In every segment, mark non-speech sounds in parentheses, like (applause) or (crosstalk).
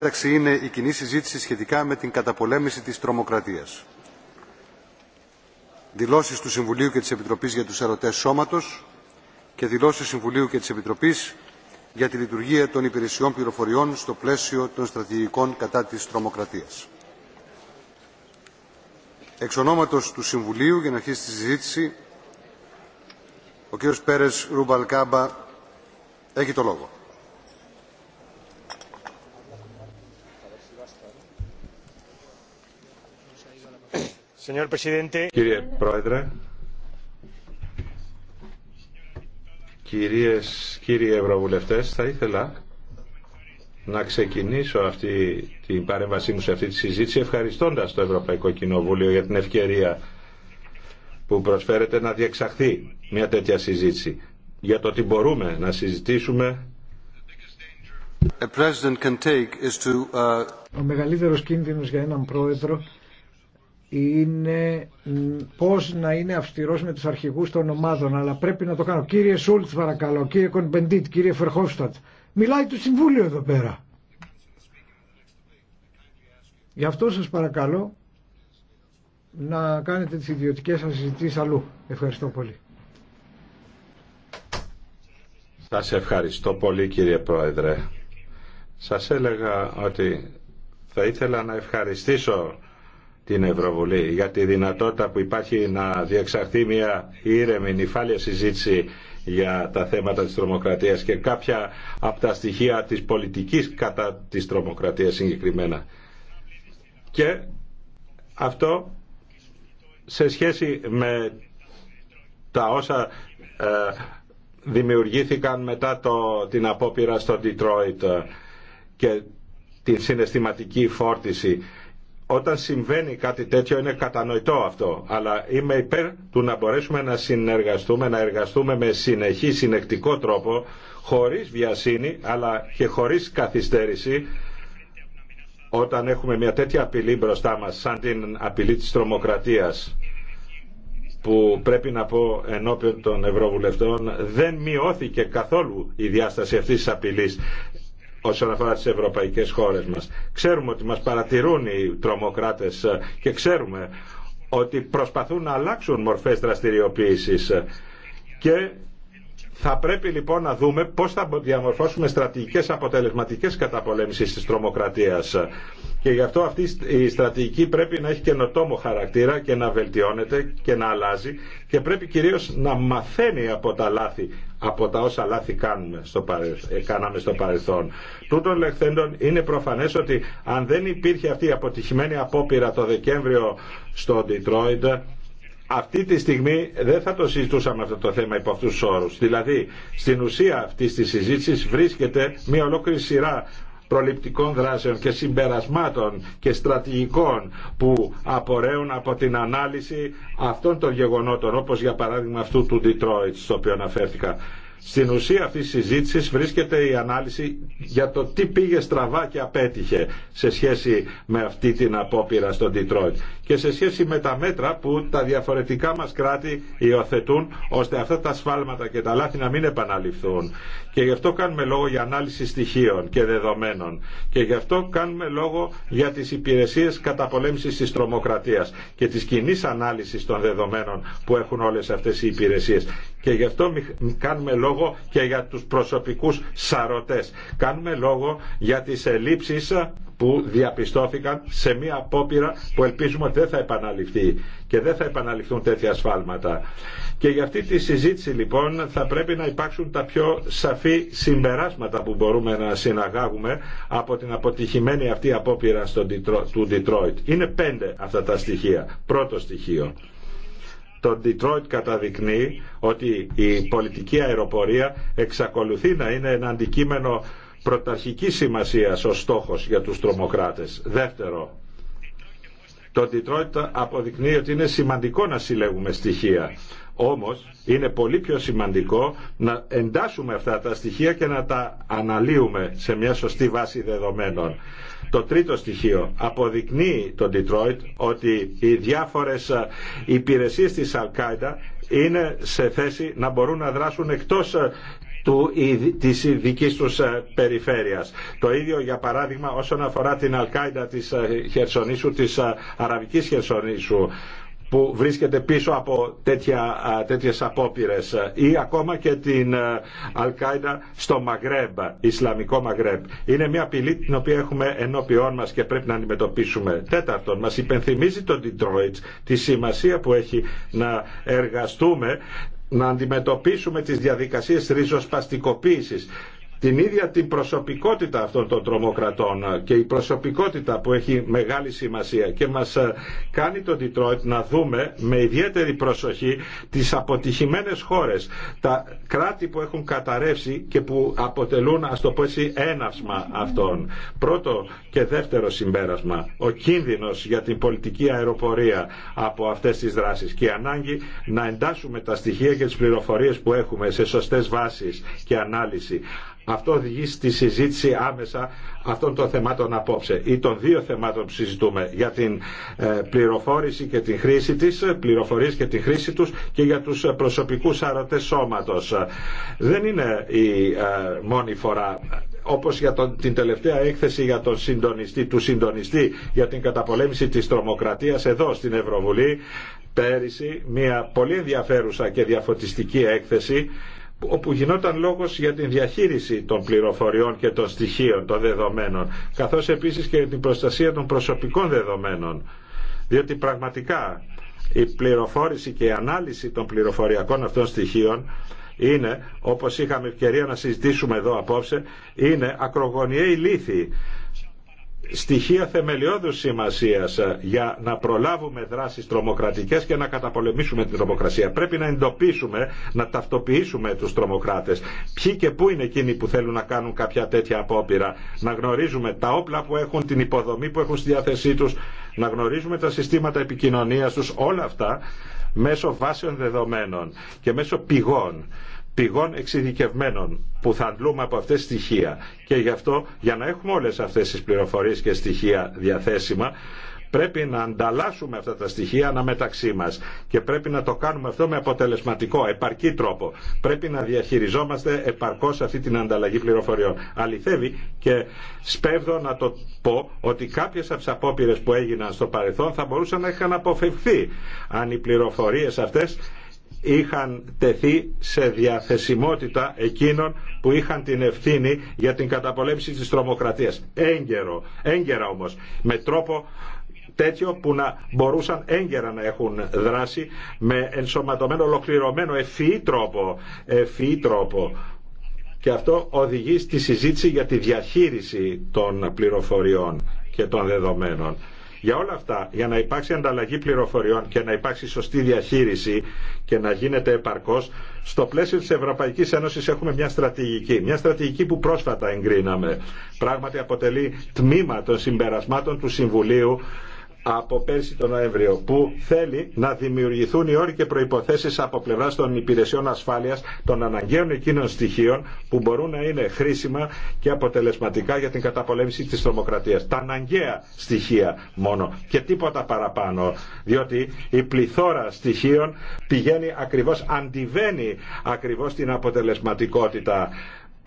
Εντάξει είναι η κοινή συζήτηση σχετικά με την καταπολέμηση της τρομοκρατίας. Δηλώσεις του Συμβουλίου και της Επιτροπής για τους Ερωτές Σώματος και δηλώσεις του Συμβουλίου και της Επιτροπής για τη λειτουργία των υπηρεσιών πληροφοριών στο πλαίσιο των στρατηγικών κατά της τρομοκρατίας. Εξ του Συμβουλίου, για να αρχίσει τη συζήτηση, ο κ. Πέρες Ρουμπαλκάμπα έχει το λόγο. Κύριε Πρόεδρε, κυρίες, κύριοι Ευρωβουλευτές, θα ήθελα να ξεκινήσω αυτή την παρέμβασή μου σε αυτή τη συζήτηση ευχαριστώντας το Ευρωπαϊκό Κοινοβούλιο για την ευκαιρία που προσφέρεται να διεξαχθεί μια τέτοια συζήτηση για το ότι μπορούμε να συζητήσουμε uh, Ο μεγαλύτερος κίνδυνος για έναν πρόεδρο είναι πώς να είναι αυστηρός με τους αρχηγούς των ομάδων αλλά πρέπει να το κάνω κύριε Σούλτς παρακαλώ κύριε Κονπεντίτ, κύριε Φερχόφστατ μιλάει το Συμβούλιο εδώ πέρα γι' αυτό σας παρακαλώ να κάνετε τις ιδιωτικές σας συζητήσεις αλλού ευχαριστώ πολύ Σας ευχαριστώ πολύ κύριε Πρόεδρε σας έλεγα ότι θα ήθελα να ευχαριστήσω την Ευρωβουλή για τη δυνατότητα που υπάρχει να διεξαχθεί μια ήρεμη νυφάλια συζήτηση για τα θέματα της τρομοκρατίας και κάποια από τα στοιχεία της πολιτικής κατά της τρομοκρατίας συγκεκριμένα. Και αυτό σε σχέση με τα όσα ε, δημιουργήθηκαν μετά το, την απόπειρα στο Detroit ε, και την συναισθηματική φόρτιση όταν συμβαίνει κάτι τέτοιο είναι κατανοητό αυτό, αλλά είμαι υπέρ του να μπορέσουμε να συνεργαστούμε, να εργαστούμε με συνεχή, συνεκτικό τρόπο, χωρίς βιασύνη, αλλά και χωρίς καθυστέρηση, όταν έχουμε μια τέτοια απειλή μπροστά μας, σαν την απειλή της τρομοκρατίας, που πρέπει να πω ενώπιον των Ευρωβουλευτών, δεν μειώθηκε καθόλου η διάσταση αυτής της απειλής όσον αφορά τις ευρωπαϊκές χώρες μας. Ξέρουμε ότι μας παρατηρούν οι τρομοκράτες ε, και ξέρουμε ότι προσπαθούν να αλλάξουν μορφές δραστηριοποίησης και θα πρέπει λοιπόν να δούμε πώς θα διαμορφώσουμε στρατηγικές αποτελεσματικές καταπολέμησης της τρομοκρατίας. Και γι' αυτό αυτή η στρατηγική πρέπει να έχει καινοτόμο χαρακτήρα και να βελτιώνεται και να αλλάζει και πρέπει κυρίως να μαθαίνει από τα λάθη από τα όσα λάθη κάνουμε στο παρελθόν, ε, κάναμε στο παρελθόν. Τούτων λεχθέντων είναι προφανές ότι αν δεν υπήρχε αυτή η αποτυχημένη απόπειρα το Δεκέμβριο στο Ντιτρόιντ, αυτή τη στιγμή δεν θα το συζητούσαμε αυτό το θέμα υπό αυτού του όρου. Δηλαδή, στην ουσία αυτή τη συζήτηση βρίσκεται μια ολόκληρη σειρά προληπτικών δράσεων και συμπερασμάτων και στρατηγικών που απορρέουν από την ανάλυση αυτών των γεγονότων, όπως για παράδειγμα αυτού του Detroit, στο οποίο αναφέρθηκα. Στην ουσία αυτής της συζήτησης βρίσκεται η ανάλυση για το τι πήγε στραβά και απέτυχε σε σχέση με αυτή την απόπειρα στο Detroit και σε σχέση με τα μέτρα που τα διαφορετικά μας κράτη υιοθετούν ώστε αυτά τα σφάλματα και τα λάθη να μην επαναληφθούν. Και γι' αυτό κάνουμε λόγο για ανάλυση στοιχείων και δεδομένων. Και γι' αυτό κάνουμε λόγο για τις υπηρεσίες καταπολέμησης της τρομοκρατίας και τη κοινή ανάλυσης των δεδομένων που έχουν όλες αυτές οι υπηρεσίες. Και γι' αυτό κάνουμε λόγο και για τους προσωπικούς σαρωτές. Κάνουμε λόγο για τις ελλείψεις που διαπιστώθηκαν σε μία απόπειρα που ελπίζουμε ότι δεν θα επαναληφθεί και δεν θα επαναληφθούν τέτοια ασφάλματα. Και για αυτή τη συζήτηση λοιπόν θα πρέπει να υπάρξουν τα πιο σαφή συμπεράσματα που μπορούμε να συναγάγουμε από την αποτυχημένη αυτή απόπειρα του Detroit. Είναι πέντε αυτά τα στοιχεία. Πρώτο στοιχείο το Detroit καταδεικνύει ότι η πολιτική αεροπορία εξακολουθεί να είναι ένα αντικείμενο πρωταρχικής σημασίας ως στόχος για τους τρομοκράτες. Δεύτερο, το Detroit αποδεικνύει ότι είναι σημαντικό να συλλέγουμε στοιχεία. Όμως είναι πολύ πιο σημαντικό να εντάσσουμε αυτά τα στοιχεία και να τα αναλύουμε σε μια σωστή βάση δεδομένων. Το τρίτο στοιχείο αποδεικνύει το Detroit ότι οι διάφορες υπηρεσίες της Αλκάιντα είναι σε θέση να μπορούν να δράσουν εκτός του, της δικής τους περιφέρειας. Το ίδιο για παράδειγμα όσον αφορά την Αλκάιντα της Χερσονήσου, της Αραβικής Χερσονήσου που βρίσκεται πίσω από τέτοια, τέτοιες απόπειρες ή ακόμα και την Αλκάιντα στο Μαγρέμπ, Ισλαμικό Μαγρέμπ. Είναι μια απειλή την οποία έχουμε ενώπιόν μας και πρέπει να αντιμετωπίσουμε. Τέταρτον, μας υπενθυμίζει το Detroit τη σημασία που έχει να εργαστούμε να αντιμετωπίσουμε τις διαδικασίες ριζοσπαστικοποίησης την ίδια την προσωπικότητα αυτών των τρομοκρατών και η προσωπικότητα που έχει μεγάλη σημασία και μας ε, κάνει τον Detroit να δούμε με ιδιαίτερη προσοχή τις αποτυχημένες χώρες, τα κράτη που έχουν καταρρεύσει και που αποτελούν ας το πω έτσι έναυσμα αυτών. Πρώτο και δεύτερο συμπέρασμα, ο κίνδυνος για την πολιτική αεροπορία από αυτές τις δράσεις και η ανάγκη να εντάσσουμε τα στοιχεία και τις πληροφορίες που έχουμε σε σωστές βάσεις και ανάλυση αυτό οδηγεί στη συζήτηση άμεσα αυτών των θεμάτων απόψε ή των δύο θεμάτων που συζητούμε για την ε, πληροφόρηση και την χρήση της, πληροφορίες και τη χρήση τους και για τους προσωπικούς αρωτές σώματος. Δεν είναι η ε, μόνη φορά όπως για τον, την τελευταία έκθεση για τον συντονιστή, του συντονιστή για την καταπολέμηση της τρομοκρατίας εδώ στην Ευρωβουλή πέρυσι μια πολύ ενδιαφέρουσα και διαφωτιστική έκθεση όπου γινόταν λόγος για την διαχείριση των πληροφοριών και των στοιχείων, των δεδομένων, καθώς επίσης και την προστασία των προσωπικών δεδομένων. Διότι πραγματικά η πληροφόρηση και η ανάλυση των πληροφοριακών αυτών στοιχείων είναι, όπως είχαμε ευκαιρία να συζητήσουμε εδώ απόψε, είναι ακρογωνιαίοι λύθοι στοιχεία θεμελιώδους σημασίας ε, για να προλάβουμε δράσεις τρομοκρατικές και να καταπολεμήσουμε την τρομοκρασία. Πρέπει να εντοπίσουμε, να ταυτοποιήσουμε τους τρομοκράτες. Ποιοι και πού είναι εκείνοι που θέλουν να κάνουν κάποια τέτοια απόπειρα. Να γνωρίζουμε τα όπλα που έχουν, την υποδομή που έχουν στη διάθεσή τους, να γνωρίζουμε τα συστήματα επικοινωνίας τους, όλα αυτά μέσω βάσεων δεδομένων και μέσω πηγών πηγών εξειδικευμένων που θα αντλούμε από αυτές τις στοιχεία. Και γι' αυτό, για να έχουμε όλες αυτές τις πληροφορίες και στοιχεία διαθέσιμα, πρέπει να ανταλλάσσουμε αυτά τα στοιχεία αναμεταξύ μας και πρέπει να το κάνουμε αυτό με αποτελεσματικό, επαρκή τρόπο. Πρέπει να διαχειριζόμαστε επαρκώς αυτή την ανταλλαγή πληροφοριών. Αληθεύει και σπέβδω να το πω ότι κάποιες από τις απόπειρες που έγιναν στο παρελθόν θα μπορούσαν να είχαν αποφευχθεί αν οι πληροφορίες αυτές είχαν τεθεί σε διαθεσιμότητα εκείνων που είχαν την ευθύνη για την καταπολέμηση της τρομοκρατίας. Έγκαιρο, έγκαιρα όμως, με τρόπο τέτοιο που να μπορούσαν έγκαιρα να έχουν δράσει με ενσωματωμένο, ολοκληρωμένο, ευφυή τρόπο, ευφυή τρόπο. Και αυτό οδηγεί στη συζήτηση για τη διαχείριση των πληροφοριών και των δεδομένων. Για όλα αυτά, για να υπάρξει ανταλλαγή πληροφοριών και να υπάρξει σωστή διαχείριση και να γίνεται επαρκώς, στο πλαίσιο της Ευρωπαϊκής Ένωση έχουμε μια στρατηγική. Μια στρατηγική που πρόσφατα εγκρίναμε. Πράγματι αποτελεί τμήμα των συμπερασμάτων του Συμβουλίου από πέρσι τον Νοέμβριο που θέλει να δημιουργηθούν οι όροι και προϋποθέσεις από πλευράς των υπηρεσιών ασφάλειας των αναγκαίων εκείνων στοιχείων που μπορούν να είναι χρήσιμα και αποτελεσματικά για την καταπολέμηση της τρομοκρατίας. Τα αναγκαία στοιχεία μόνο και τίποτα παραπάνω διότι η πληθώρα στοιχείων πηγαίνει ακριβώς, αντιβαίνει ακριβώς την αποτελεσματικότητα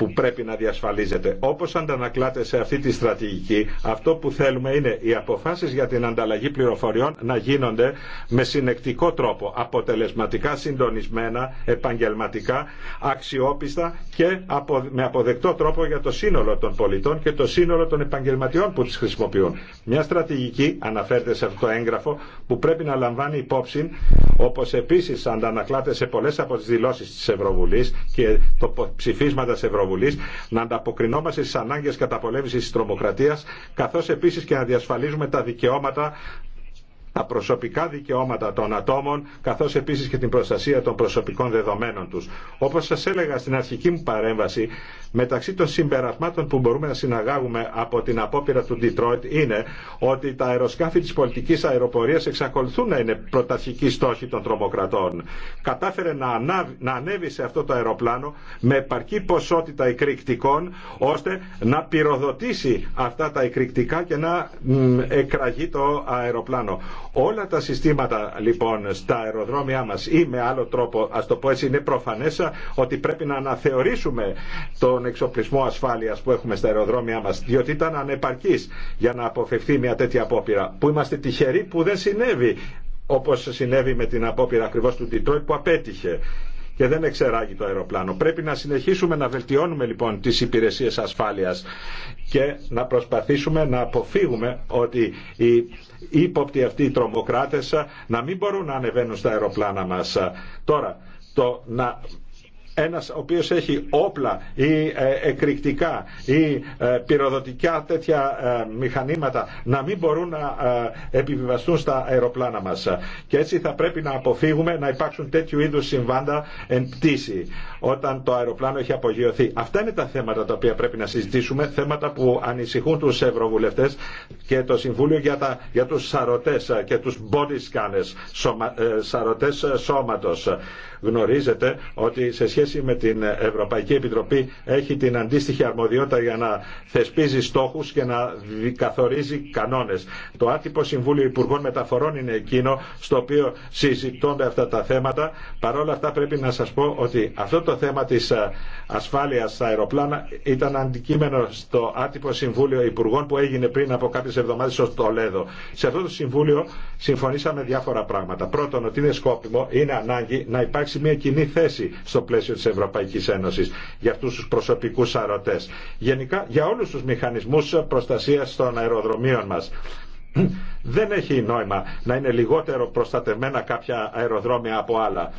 που πρέπει να διασφαλίζεται. Όπω αντανακλάται σε αυτή τη στρατηγική, αυτό που θέλουμε είναι οι αποφάσει για την ανταλλαγή πληροφοριών να γίνονται με συνεκτικό τρόπο, αποτελεσματικά, συντονισμένα, επαγγελματικά, αξιόπιστα και με αποδεκτό τρόπο για το σύνολο των πολιτών και το σύνολο των επαγγελματιών που τι χρησιμοποιούν. Μια στρατηγική αναφέρεται σε αυτό το έγγραφο που πρέπει να λαμβάνει υπόψη, όπω επίση αντανακλάται σε πολλέ από τι δηλώσει τη Ευρωβουλή και το ψηφίσματα τη Ευρωβουλή να ανταποκρινόμαστε στι ανάγκε καταπολέμηση τη τρομοκρατία, καθώ επίση και να διασφαλίζουμε τα δικαιώματα τα προσωπικά δικαιώματα των ατόμων καθώς επίσης και την προστασία των προσωπικών δεδομένων τους. Όπως σας έλεγα στην αρχική μου παρέμβαση, μεταξύ των συμπερασμάτων που μπορούμε να συναγάγουμε από την απόπειρα του Ντιτρόιτ είναι ότι τα αεροσκάφη της πολιτικής αεροπορίας εξακολουθούν να είναι πρωταρχικοί στόχοι των τρομοκρατών. Κατάφερε να, να ανέβει σε αυτό το αεροπλάνο με επαρκή ποσότητα εκρηκτικών ώστε να πυροδοτήσει αυτά τα εκρηκτικά και να εκραγεί το αεροπλάνο. Όλα τα συστήματα λοιπόν στα αεροδρόμια μας ή με άλλο τρόπο, ας το πω έτσι, είναι προφανέ ότι πρέπει να αναθεωρήσουμε τον εξοπλισμό ασφάλειας που έχουμε στα αεροδρόμια μας, διότι ήταν ανεπαρκής για να αποφευθεί μια τέτοια απόπειρα, που είμαστε τυχεροί που δεν συνέβη όπως συνέβη με την απόπειρα ακριβώς του Detroit που απέτυχε και δεν εξεράγει το αεροπλάνο. Πρέπει να συνεχίσουμε να βελτιώνουμε λοιπόν τις υπηρεσίες ασφάλειας και να προσπαθήσουμε να αποφύγουμε ότι οι ύποπτοι αυτοί οι τρομοκράτες να μην μπορούν να ανεβαίνουν στα αεροπλάνα μας. Τώρα, το να ένας ο οποίος έχει όπλα ή ε, εκρηκτικά ή ε, πυροδοτικά τέτοια ε, μηχανήματα να μην μπορούν να επιβιβαστούν στα αεροπλάνα μας. Και έτσι θα πρέπει να αποφύγουμε να υπάρξουν τέτοιου είδους συμβάντα εν πτήση όταν το αεροπλάνο έχει απογειωθεί. Αυτά είναι τα θέματα τα οποία πρέπει να συζητήσουμε, θέματα που ανησυχούν τους ευρωβουλευτές και το Συμβούλιο για, τα, για τους σαρωτές και τους body scanners, σαρωτές σώματος. Γνωρίζετε ότι σε σχέση με την Ευρωπαϊκή Επιτροπή έχει την αντίστοιχη αρμοδιότητα για να θεσπίζει στόχους και να καθορίζει κανόνες. Το άτυπο Συμβούλιο Υπουργών Μεταφορών είναι εκείνο στο οποίο συζητώνται αυτά τα θέματα. Παρ' όλα αυτά πρέπει να σας πω ότι αυτό το θέμα της ε, ασφάλειας στα αεροπλάνα ήταν αντικείμενο στο άτυπο Συμβούλιο Υπουργών που έγινε πριν από κάποιες εβδομάδες στο Τολέδο. Σε αυτό το Συμβούλιο συμφωνήσαμε διάφορα πράγματα. Πρώτον, ότι είναι σκόπιμο, είναι ανάγκη να υπάρξει μια κοινή θέση στο πλαίσιο πλαίσιο της Ευρωπαϊκής Ένωσης για αυτούς τους προσωπικούς αρωτέ. Γενικά για όλους τους μηχανισμούς προστασίας των αεροδρομίων μας. Δεν έχει νόημα να είναι λιγότερο προστατευμένα κάποια αεροδρόμια από άλλα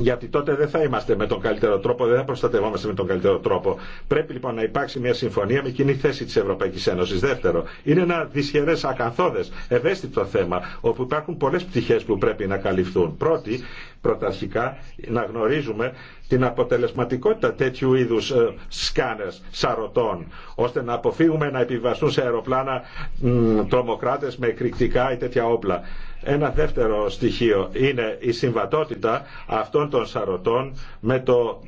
γιατί τότε δεν θα είμαστε με τον καλύτερο τρόπο, δεν θα προστατευόμαστε με τον καλύτερο τρόπο. Πρέπει λοιπόν να υπάρξει μια συμφωνία με κοινή θέση τη Ευρωπαϊκή Ένωση. Δεύτερο, είναι ένα δυσχερέ, ακαθόδε, ευαίσθητο θέμα, όπου υπάρχουν πολλέ πτυχέ που πρέπει να καλυφθούν. Πρώτη, πρωταρχικά, να γνωρίζουμε την αποτελεσματικότητα τέτοιου είδου ε, σκάνε σαρωτών, ώστε να αποφύγουμε να επιβαστούν σε αεροπλάνα τρομοκράτε με εκρηκτικά ή τέτοια όπλα. Ένα δεύτερο στοιχείο είναι η συμβατότητα αυτών των σαρωτών με το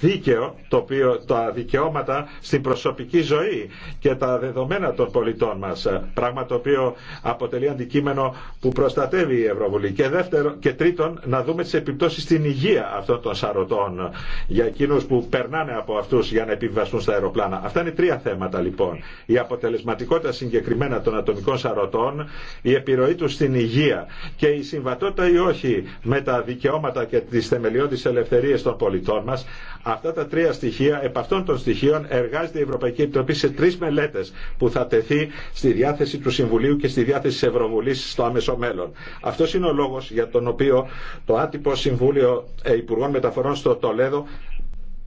δίκαιο, το οποίο, τα δικαιώματα στην προσωπική ζωή και τα δεδομένα των πολιτών μας. Πράγμα το οποίο αποτελεί αντικείμενο που προστατεύει η Ευρωβουλή. Και, δεύτερο, και τρίτον, να δούμε τις επιπτώσεις στην υγεία αυτών των σαρωτών για εκείνους που περνάνε από αυτούς για να επιβαστούν στα αεροπλάνα. Αυτά είναι τρία θέματα λοιπόν. Η αποτελεσματικότητα συγκεκριμένα των ατομικών σαρωτών, η επιρροή τους στην υγεία και η συμβατότητα ή όχι με τα δικαιώματα και τις θεμελιώδεις ελευθερίες των πολιτών μας Αυτά τα τρία στοιχεία, επ' αυτών των στοιχείων εργάζεται η Ευρωπαϊκή Επιτροπή σε τρει μελέτε που θα τεθεί στη διάθεση του Συμβουλίου και στη διάθεση τη Ευρωβουλή στο άμεσο μέλλον. Αυτό είναι ο λόγο για τον οποίο το άτυπο Συμβούλιο ε, Υπουργών Μεταφορών στο Τολέδο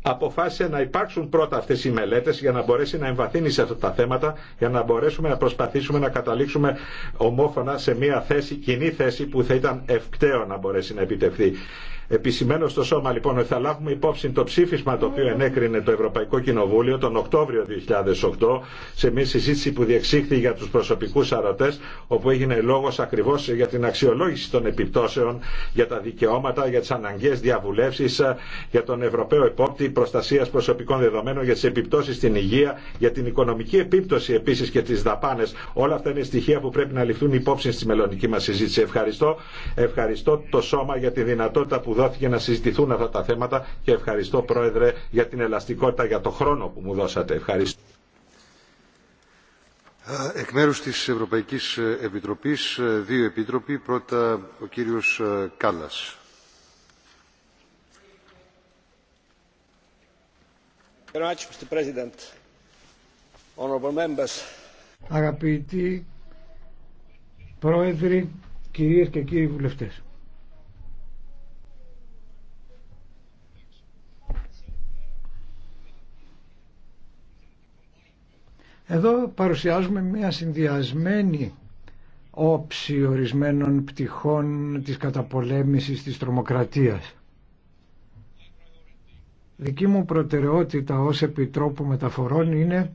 αποφάσισε να υπάρξουν πρώτα αυτέ οι μελέτε για να μπορέσει να εμβαθύνει σε αυτά τα θέματα, για να μπορέσουμε να προσπαθήσουμε να καταλήξουμε ομόφωνα σε μια θέση, κοινή θέση που θα ήταν ευκταίο να μπορέσει να επιτευχθεί. Επισημένω στο Σώμα λοιπόν ότι θα λάβουμε υπόψη το ψήφισμα το οποίο ενέκρινε το Ευρωπαϊκό Κοινοβούλιο τον Οκτώβριο 2008 σε μια συζήτηση που διεξήχθη για τους προσωπικούς αρωτές όπου έγινε λόγος ακριβώς για την αξιολόγηση των επιπτώσεων για τα δικαιώματα, για τις αναγκαίες διαβουλεύσεις για τον Ευρωπαίο Επόπτη Προστασίας Προσωπικών Δεδομένων για τις επιπτώσεις στην υγεία, για την οικονομική επίπτωση επίση και τις δαπάνες. Όλα αυτά είναι στοιχεία που πρέπει να ληφθούν υπόψη στη μελλοντική μας συζήτηση. Ευχαριστώ, ευχαριστώ το Σώμα για τη δυνατότητα που δόθηκε να συζητηθούν αυτά τα θέματα και ευχαριστώ Πρόεδρε για την ελαστικότητα, για το χρόνο που μου δώσατε. Ευχαριστώ. Ε, εκ μέρου τη Ευρωπαϊκή ε, Επιτροπή, ε, δύο επίτροποι. Πρώτα ο κύριος Κάλλας. Αγαπητοί Πρόεδροι, κυρίες και κύριοι βουλευτές. Εδώ παρουσιάζουμε μια συνδυασμένη όψη ορισμένων πτυχών της καταπολέμησης της τρομοκρατίας. Δική μου προτεραιότητα ως Επιτρόπου Μεταφορών είναι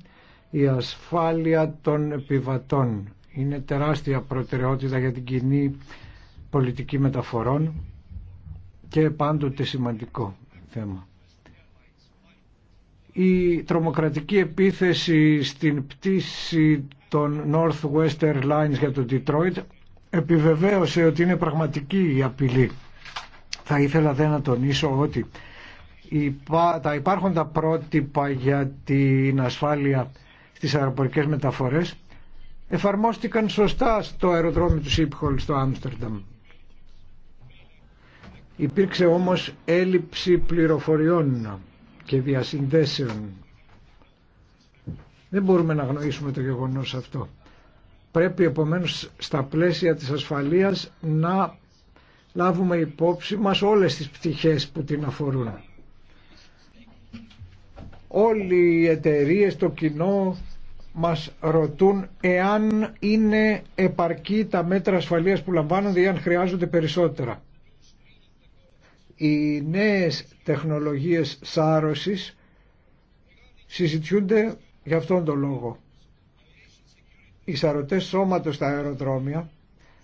η ασφάλεια των επιβατών. Είναι τεράστια προτεραιότητα για την κοινή πολιτική μεταφορών και πάντοτε σημαντικό θέμα η τρομοκρατική επίθεση στην πτήση των Northwest Airlines για το Detroit επιβεβαίωσε ότι είναι πραγματική η απειλή. Θα ήθελα δε να τονίσω ότι τα υπάρχοντα πρότυπα για την ασφάλεια στις αεροπορικές μεταφορές εφαρμόστηκαν σωστά στο αεροδρόμιο του Σίπχολ στο Άμστερνταμ. Υπήρξε όμως έλλειψη πληροφοριών και διασυνδέσεων. Δεν μπορούμε να γνωρίσουμε το γεγονός αυτό. Πρέπει επομένως στα πλαίσια της ασφαλείας να λάβουμε υπόψη μας όλες τις πτυχές που την αφορούν. Όλοι οι εταιρείε, το κοινό μας ρωτούν εάν είναι επαρκή τα μέτρα ασφαλείας που λαμβάνονται ή αν χρειάζονται περισσότερα οι νέες τεχνολογίες σάρωσης συζητιούνται για αυτόν τον λόγο. Οι σαρωτές σώματος στα αεροδρόμια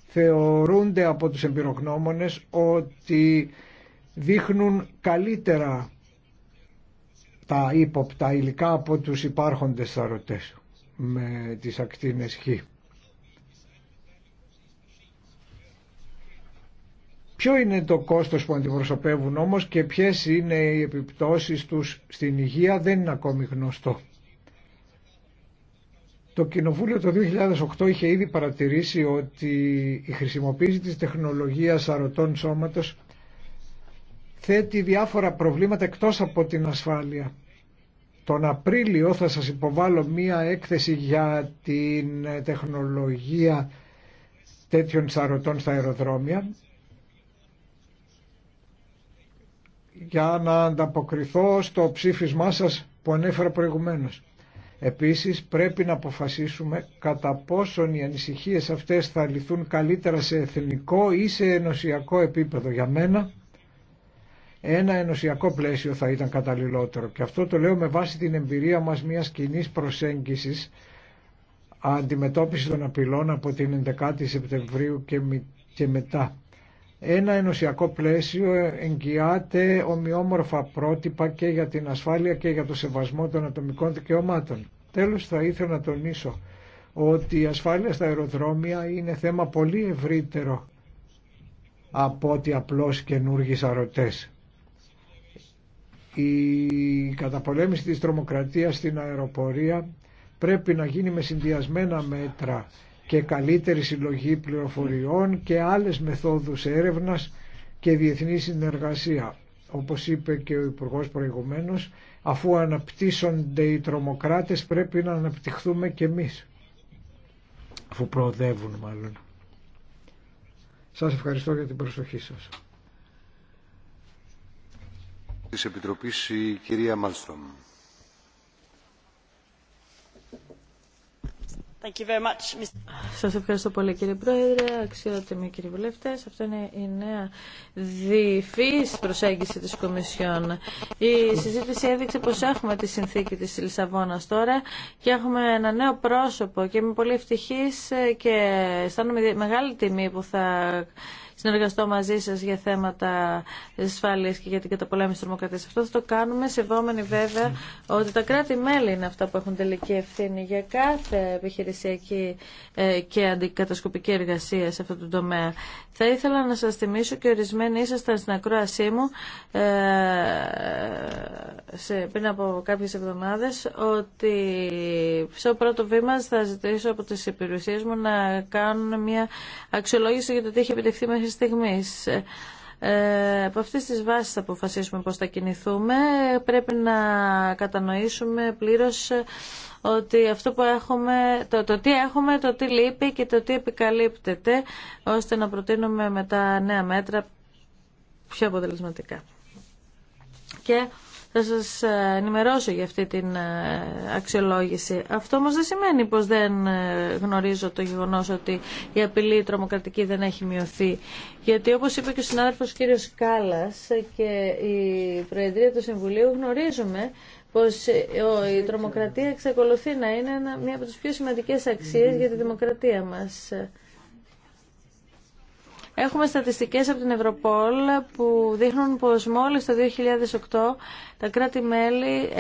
θεωρούνται από τους εμπειρογνώμονες ότι δείχνουν καλύτερα τα ύποπτα υλικά από τους υπάρχοντες σαρωτές με τις ακτίνες χ. Ποιο είναι το κόστος που αντιπροσωπεύουν όμως και ποιες είναι οι επιπτώσεις τους στην υγεία δεν είναι ακόμη γνωστό. Το Κοινοβούλιο το 2008 είχε ήδη παρατηρήσει ότι η χρησιμοποίηση της τεχνολογίας αρωτών σώματος θέτει διάφορα προβλήματα εκτός από την ασφάλεια. Τον Απρίλιο θα σας υποβάλω μία έκθεση για την τεχνολογία τέτοιων σαρωτών στα αεροδρόμια για να ανταποκριθώ στο ψήφισμά σας που ανέφερα προηγουμένως. Επίσης πρέπει να αποφασίσουμε κατά πόσον οι ανησυχίες αυτές θα λυθούν καλύτερα σε εθνικό ή σε ενωσιακό επίπεδο. Για μένα ένα ενωσιακό πλαίσιο θα ήταν καταλληλότερο και αυτό το λέω με βάση την εμπειρία μας μιας κοινή προσέγγισης αντιμετώπιση των απειλών από την 11η Σεπτεμβρίου και, μετά. Ένα ενωσιακό πλαίσιο εγγυάται ομοιόμορφα πρότυπα και για την ασφάλεια και για το σεβασμό των ατομικών δικαιωμάτων. Τέλος θα ήθελα να τονίσω ότι η ασφάλεια στα αεροδρόμια είναι θέμα πολύ ευρύτερο από ότι απλώς καινούργιοι σαρωτές. Η καταπολέμηση της τρομοκρατίας στην αεροπορία πρέπει να γίνει με συνδυασμένα μέτρα και καλύτερη συλλογή πληροφοριών και άλλες μεθόδους έρευνας και διεθνή συνεργασία. Όπως είπε και ο Υπουργός προηγουμένως, αφού αναπτύσσονται οι τρομοκράτες πρέπει να αναπτυχθούμε και εμείς. Αφού προοδεύουν μάλλον. Σας ευχαριστώ για την προσοχή σας. Της Επιτροπής κυρία Μάλστρομ. Thank Σας ευχαριστώ πολύ κύριε Πρόεδρε, αξιότιμοι κύριοι βουλευτές. Αυτό είναι η νέα διφύ προσέγγιση της Κομισιόν. Η συζήτηση έδειξε πως έχουμε τη συνθήκη της Λισαβόνας τώρα και έχουμε ένα νέο πρόσωπο και είμαι πολύ ευτυχής και αισθάνομαι μεγάλη τιμή που θα συνεργαστώ μαζί σα για θέματα ασφάλεια και για την καταπολέμηση τη τρομοκρατία. Αυτό θα το κάνουμε σεβόμενοι βέβαια ότι τα κράτη-μέλη είναι αυτά που έχουν τελική ευθύνη για κάθε επιχειρησιακή ε, και αντικατασκοπική εργασία σε αυτό το τομέα. Θα ήθελα να σα θυμίσω και ορισμένοι ήσασταν στην ακρόασή μου ε, σε, πριν από κάποιε εβδομάδε, ότι στο πρώτο βήμα θα ζητήσω από τι υπηρεσίε μου να κάνουν μια αξιολόγηση για το τι έχει επιτευχθεί μέχρι στιγμής. Ε, ε, από αυτές τις βάσεις θα αποφασίσουμε πώς θα κινηθούμε. Πρέπει να κατανοήσουμε πλήρως ε, ότι αυτό που έχουμε, το, το τι έχουμε, το τι λείπει και το τι επικαλύπτεται, ώστε να προτείνουμε τα νέα μέτρα πιο αποτελεσματικά. Και θα σας ε, ενημερώσω για αυτή την ε, αξιολόγηση. Αυτό όμως δεν σημαίνει πως δεν ε, γνωρίζω το γεγονός ότι η απειλή τρομοκρατική δεν έχει μειωθεί. Γιατί όπως είπε και ο συνάδελφος κύριος Κάλλας και η Προεδρία του Συμβουλίου γνωρίζουμε πως η τρομοκρατία εξακολουθεί να είναι μία από τις πιο σημαντικές αξίες για τη δημοκρατία μας. Έχουμε στατιστικές από την Ευρωπόλ που δείχνουν πως μόλις το 2008 τα κράτη-μέλη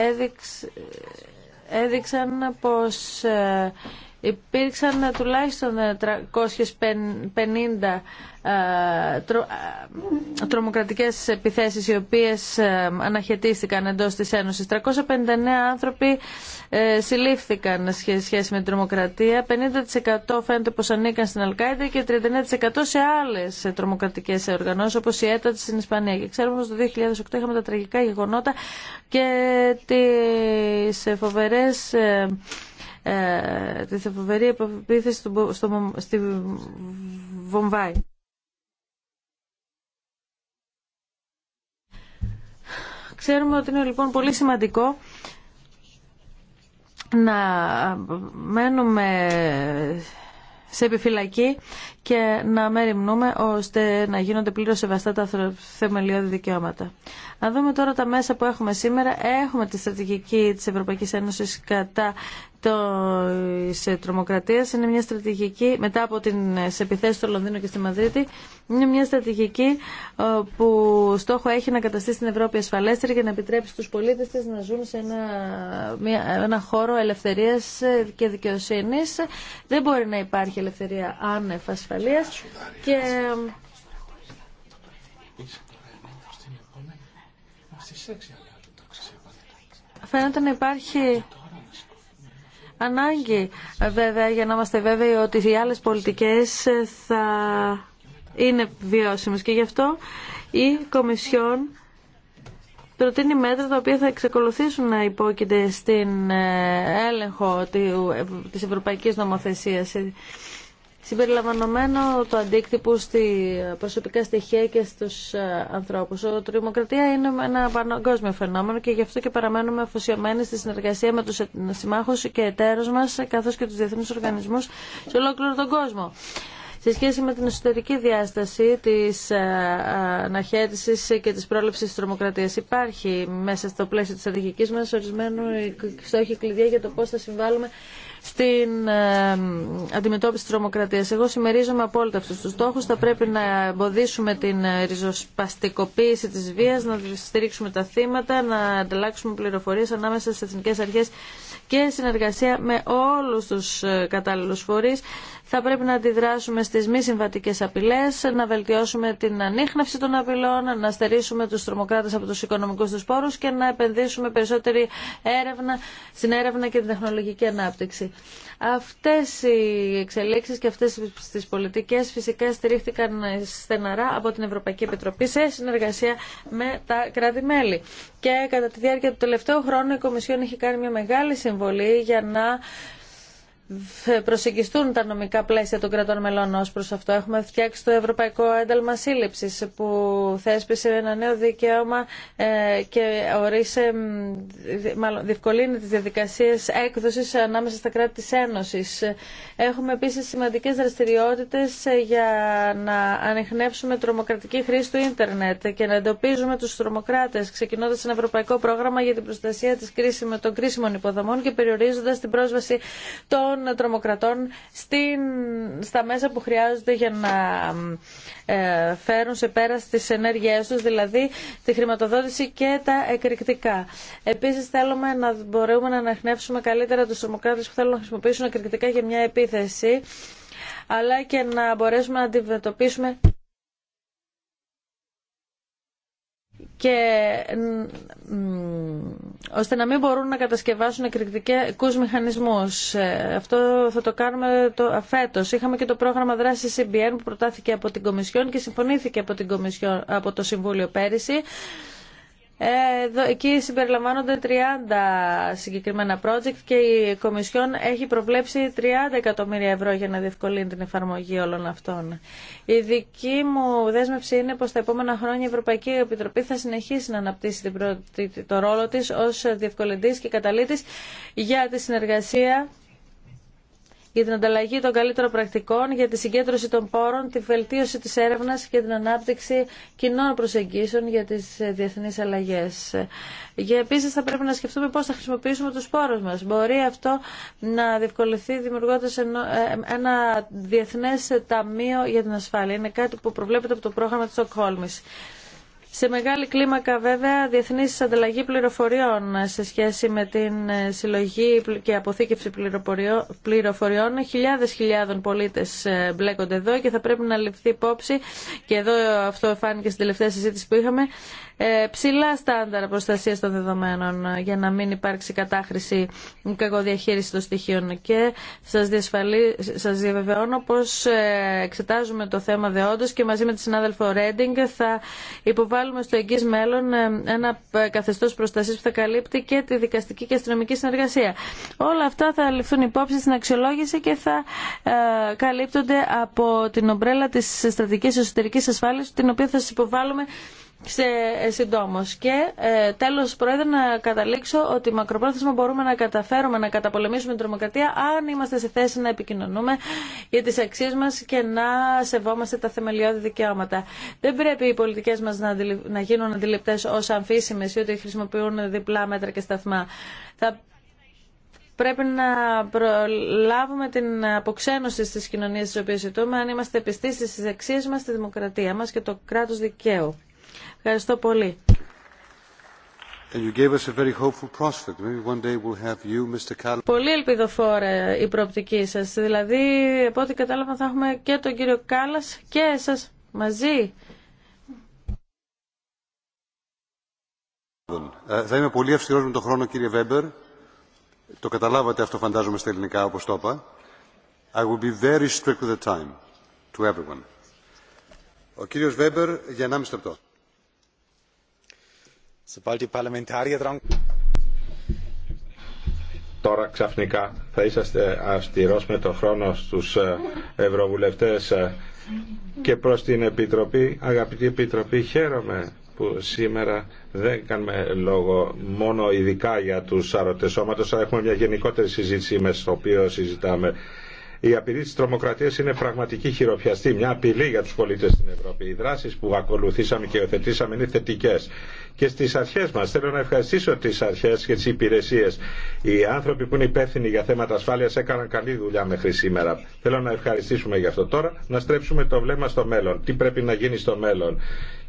έδειξαν πως ε, Υπήρξαν τουλάχιστον 350 ε, ε, τρο, ε, τρομοκρατικές επιθέσεις οι οποίες αναχαιτίστηκαν εντός της Ένωσης. 359 άνθρωποι συλλήφθηκαν σε σχέση με την τρομοκρατία. 50% φαίνεται πως ανήκαν στην Αλκάιντα και 39% σε άλλες τρομοκρατικές οργανώσεις όπως η ΕΤΑ στην Ισπανία. Και ξέρουμε πως το 2008 είχαμε τα τραγικά γεγονότα και τις φοβερές ε, τη φοβερή επίθεση στο, στη Βομβάη. Ξέρουμε ότι είναι λοιπόν πολύ σημαντικό να μένουμε σε επιφυλακή και να μεριμνούμε ώστε να γίνονται πλήρως σεβαστά τα θεμελιώδη δικαιώματα. Να δούμε τώρα τα μέσα που έχουμε σήμερα. Έχουμε τη στρατηγική της Ευρωπαϊκής Ένωσης κατά τη ε, τρομοκρατία. Είναι μια στρατηγική, μετά από τι ε, επιθέσει στο Λονδίνο και στη Μαδρίτη, είναι μια στρατηγική ε, που στόχο έχει να καταστήσει την Ευρώπη ασφαλέστερη και να επιτρέψει στους πολίτες της να ζουν σε ένα, μια, ένα χώρο ελευθερίας και δικαιοσύνης. Δεν μπορεί να υπάρχει ελευθερία άνεφας ασφαλείας και ε, φαίνεται να υπάρχει ανάγκη βέβαια για να είμαστε βέβαιοι ότι οι άλλες πολιτικές ε, θα είναι βιώσιμες και γι' αυτό η Κομισιόν προτείνει μέτρα τα οποία θα εξακολουθήσουν να υπόκειται στην ε, έλεγχο της Ευρωπαϊκής Νομοθεσίας συμπεριλαμβανομένο το αντίκτυπο στη προσωπικά στοιχεία και στους ε, ανθρώπους. Η τρομοκρατία είναι ένα παγκόσμιο φαινόμενο και γι' αυτό και παραμένουμε αφοσιωμένοι στη συνεργασία με τους ε, συμμάχους και εταίρους μας καθώς και τους διεθνούς οργανισμούς σε ολόκληρο τον κόσμο. Σε σχέση με την εσωτερική διάσταση της ε, αναχέτηση και της πρόληψης της τρομοκρατίας υπάρχει μέσα στο πλαίσιο της στρατηγικής μας ορισμένου στόχοι κλειδιά για το πώς θα συμβάλλουμε στην ε, αντιμετώπιση της τρομοκρατίας. Εγώ συμμερίζομαι απόλυτα αυτούς τους στόχους. Θα πρέπει να εμποδίσουμε την ε, ριζοσπαστικοποίηση της βίας, να στηρίξουμε τα θύματα, να ανταλλάξουμε πληροφορίες ανάμεσα στις εθνικές αρχές και συνεργασία με όλους τους ε, κατάλληλους φορείς. Θα πρέπει να αντιδράσουμε στις μη συμβατικές απειλές, να βελτιώσουμε την ανείχνευση των απειλών, να στερήσουμε τους τρομοκράτες από τους οικονομικούς τους πόρους και να επενδύσουμε περισσότερη έρευνα στην έρευνα και την τεχνολογική ανάπτυξη. Αυτές οι εξελίξεις και αυτές τις πολιτικές φυσικά στηρίχθηκαν στεναρά από την Ευρωπαϊκή Επιτροπή σε συνεργασία με τα κράτη-μέλη. Και κατά τη διάρκεια του τελευταίου χρόνου η Κομισιόν έχει κάνει μια μεγάλη συμβολή για να προσεγγιστούν τα νομικά πλαίσια των κρατών μελών ω προ αυτό. Έχουμε φτιάξει το Ευρωπαϊκό Ένταλμα Σύλληψη που θέσπισε ένα νέο δικαίωμα ε, και ορίσε, μάλλον διευκολύνει τι διαδικασίες έκδοσης ανάμεσα στα κράτη τη Ένωση. Έχουμε επίση σημαντικέ δραστηριότητε για να ανεχνεύσουμε τρομοκρατική χρήση του ίντερνετ και να εντοπίζουμε του τρομοκράτες, ξεκινώντα ένα ευρωπαϊκό πρόγραμμα για την προστασία της των κρίσιμων υποδομών και περιορίζοντα την πρόσβαση των των τρομοκρατών στην, στα μέσα που χρειάζονται για να ε, φέρουν σε πέρα τις ενέργειές τους, δηλαδή τη χρηματοδότηση και τα εκρηκτικά. Επίσης θέλουμε να μπορούμε να αναχνεύσουμε καλύτερα τους τρομοκράτες που θέλουν να χρησιμοποιήσουν εκρηκτικά για μια επίθεση αλλά και να μπορέσουμε να αντιμετωπίσουμε και ώστε να μην μπορούν να κατασκευάσουν εκρηκτικούς μηχανισμούς. Ε, αυτό θα το κάνουμε το, φέτος. Είχαμε και το πρόγραμμα δράσης CBN που προτάθηκε από την Κομισιόν και συμφωνήθηκε από, την Κομισιόν, από το Συμβούλιο πέρυσι εδώ, εκεί συμπεριλαμβάνονται 30 συγκεκριμένα project και η Κομισιόν έχει προβλέψει 30 εκατομμύρια ευρώ για να διευκολύνει την εφαρμογή όλων αυτών. Η δική μου δέσμευση είναι πως τα επόμενα χρόνια η Ευρωπαϊκή Επιτροπή θα συνεχίσει να αναπτύσσει το ρόλο της ως διευκολυντής και καταλήτης για τη συνεργασία για την ανταλλαγή των καλύτερων πρακτικών, για τη συγκέντρωση των πόρων, τη βελτίωση της έρευνας και την ανάπτυξη κοινών προσεγγίσεων για τις ε, διεθνείς αλλαγές. Και επίσης θα πρέπει να σκεφτούμε πώς θα χρησιμοποιήσουμε τους πόρους μας. Μπορεί αυτό να διευκολυνθεί δημιουργώντας ε, ε, ένα διεθνές ταμείο για την ασφάλεια. Είναι κάτι που προβλέπεται από το πρόγραμμα της Οκχόλμης. Σε μεγάλη κλίμακα βέβαια διεθνής ανταλλαγή πληροφοριών σε σχέση με την ε, συλλογή και αποθήκευση πληροφοριών. Χιλιάδες χιλιάδων πολίτες ε, μπλέκονται εδώ και θα πρέπει να ληφθεί υπόψη και εδώ αυτό φάνηκε στην τελευταία συζήτηση που είχαμε ε, ψηλά στάνταρα προστασία των δεδομένων ε, για να μην υπάρξει κατάχρηση κακοδιαχείριση των στοιχείων. Και σα σας διαβεβαιώνω πως ε, εξετάζουμε το θέμα δεόντω και μαζί με τη συνάδελφο Ρέντινγκ θα υποβάλουμε στο εγγύ μέλλον ένα καθεστώ προστασία που θα καλύπτει και τη δικαστική και αστυνομική συνεργασία. Όλα αυτά θα ληφθούν υπόψη στην αξιολόγηση και θα καλύπτονται από την ομπρέλα της στρατηγικής εσωτερική ασφάλειας την οποία θα σας υποβάλουμε σε ε, συντόμως. Και ε, τέλος, Πρόεδρε, να καταλήξω ότι μακροπρόθεσμα μπορούμε να καταφέρουμε να καταπολεμήσουμε την τρομοκρατία αν είμαστε σε θέση να επικοινωνούμε για τις αξίες μας και να σεβόμαστε τα θεμελιώδη δικαιώματα. Δεν πρέπει οι πολιτικές μας να, να γίνουν αντιληπτές ως αμφίσιμες ή ότι χρησιμοποιούν διπλά μέτρα και σταθμά. Θα πρέπει να προλάβουμε την αποξένωση στις κοινωνίες στις οποίες ζητούμε αν είμαστε πιστοί στις αξίες μας, στη δημοκρατία μας και το κράτος δικαίου. Ευχαριστώ πολύ. Πολύ ελπιδοφόρα η προοπτική σας. Δηλαδή, από ό,τι κατάλαβα, θα έχουμε και τον κύριο Κάλλας και εσάς μαζί. Ε, θα είμαι πολύ αυστηρός με τον χρόνο, κύριε Βέμπερ. Το καταλάβατε αυτό, φαντάζομαι, στα ελληνικά, όπως το είπα. I will be very strict with the time to everyone. Ο κύριος Βέμπερ για 1,5 λεπτό τώρα ξαφνικά θα είσαστε αυστηρός με το χρόνο στους ε, ευρωβουλευτές ε, και προς την Επιτροπή, αγαπητή Επιτροπή, χαίρομαι που σήμερα δεν κάνουμε λόγο μόνο ειδικά για τους αρωτές αλλά έχουμε μια γενικότερη συζήτηση με στο οποίο συζητάμε η απειλή τη τρομοκρατία είναι πραγματική χειροπιαστή, μια απειλή για του πολίτε στην Ευρώπη. Οι δράσει που ακολουθήσαμε και υιοθετήσαμε είναι θετικέ. Και στι αρχέ μα θέλω να ευχαριστήσω τι αρχέ και τι υπηρεσίε. Οι άνθρωποι που είναι υπεύθυνοι για θέματα ασφάλεια έκαναν καλή δουλειά μέχρι σήμερα. Θέλω να ευχαριστήσουμε γι' αυτό τώρα, να στρέψουμε το βλέμμα στο μέλλον. Τι πρέπει να γίνει στο μέλλον.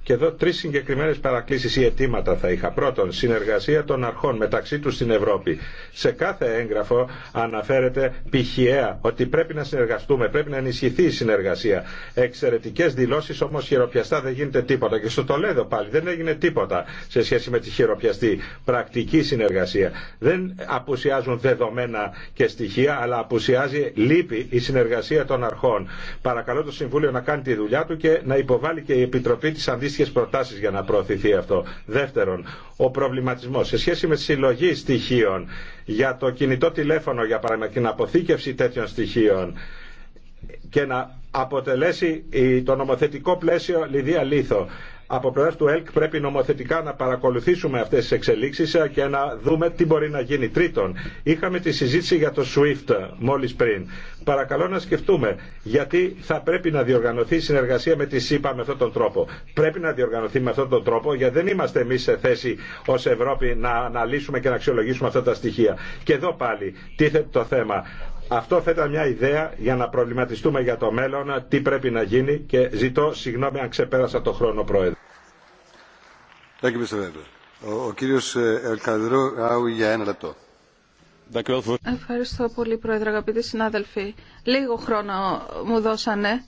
Και εδώ τρεις συγκεκριμένες παρακλήσεις ή αιτήματα θα είχα. Πρώτον, συνεργασία των αρχών μεταξύ τους στην Ευρώπη. Σε κάθε έγγραφο αναφέρεται πηχιαία ότι πρέπει να συνεργαστούμε, πρέπει να ενισχυθεί η συνεργασία. Εξαιρετικές δηλώσεις όμως χειροπιαστά δεν γίνεται τίποτα. Και στο Τολέδο πάλι δεν έγινε τίποτα σε σχέση με τη χειροπιαστή πρακτική συνεργασία. Δεν απουσιάζουν δεδομένα και στοιχεία, αλλά απουσιάζει λύπη η συνεργασία των αρχών. Παρακαλώ το Συμβούλιο να κάνει τη δουλειά του και να υποβάλει και η Επιτροπή της αντίστοιχε προτάσει για να προωθηθεί αυτό. Δεύτερον, ο προβληματισμό σε σχέση με τη συλλογή στοιχείων για το κινητό τηλέφωνο, για παράδειγμα, την αποθήκευση τέτοιων στοιχείων και να αποτελέσει το νομοθετικό πλαίσιο λιδία λίθο από πλευρά του ΕΛΚ πρέπει νομοθετικά να παρακολουθήσουμε αυτέ τι εξελίξει ε, και να δούμε τι μπορεί να γίνει. Τρίτον, είχαμε τη συζήτηση για το SWIFT ε, μόλι πριν. Παρακαλώ να σκεφτούμε γιατί θα πρέπει να διοργανωθεί η συνεργασία με τη ΣΥΠΑ με αυτόν τον τρόπο. Πρέπει να διοργανωθεί με αυτόν τον τρόπο γιατί δεν είμαστε εμεί σε θέση ω Ευρώπη να αναλύσουμε και να αξιολογήσουμε αυτά τα στοιχεία. Και εδώ πάλι τίθεται το θέμα. Αυτό θα ήταν μια ιδέα για να προβληματιστούμε για το μέλλον, τι πρέπει να γίνει και ζητώ συγγνώμη αν ξεπέρασα το χρόνο, Πρόεδρε. Ευχαριστώ πολύ, Πρόεδρε, αγαπητοί συνάδελφοι. Λίγο χρόνο μου δώσανε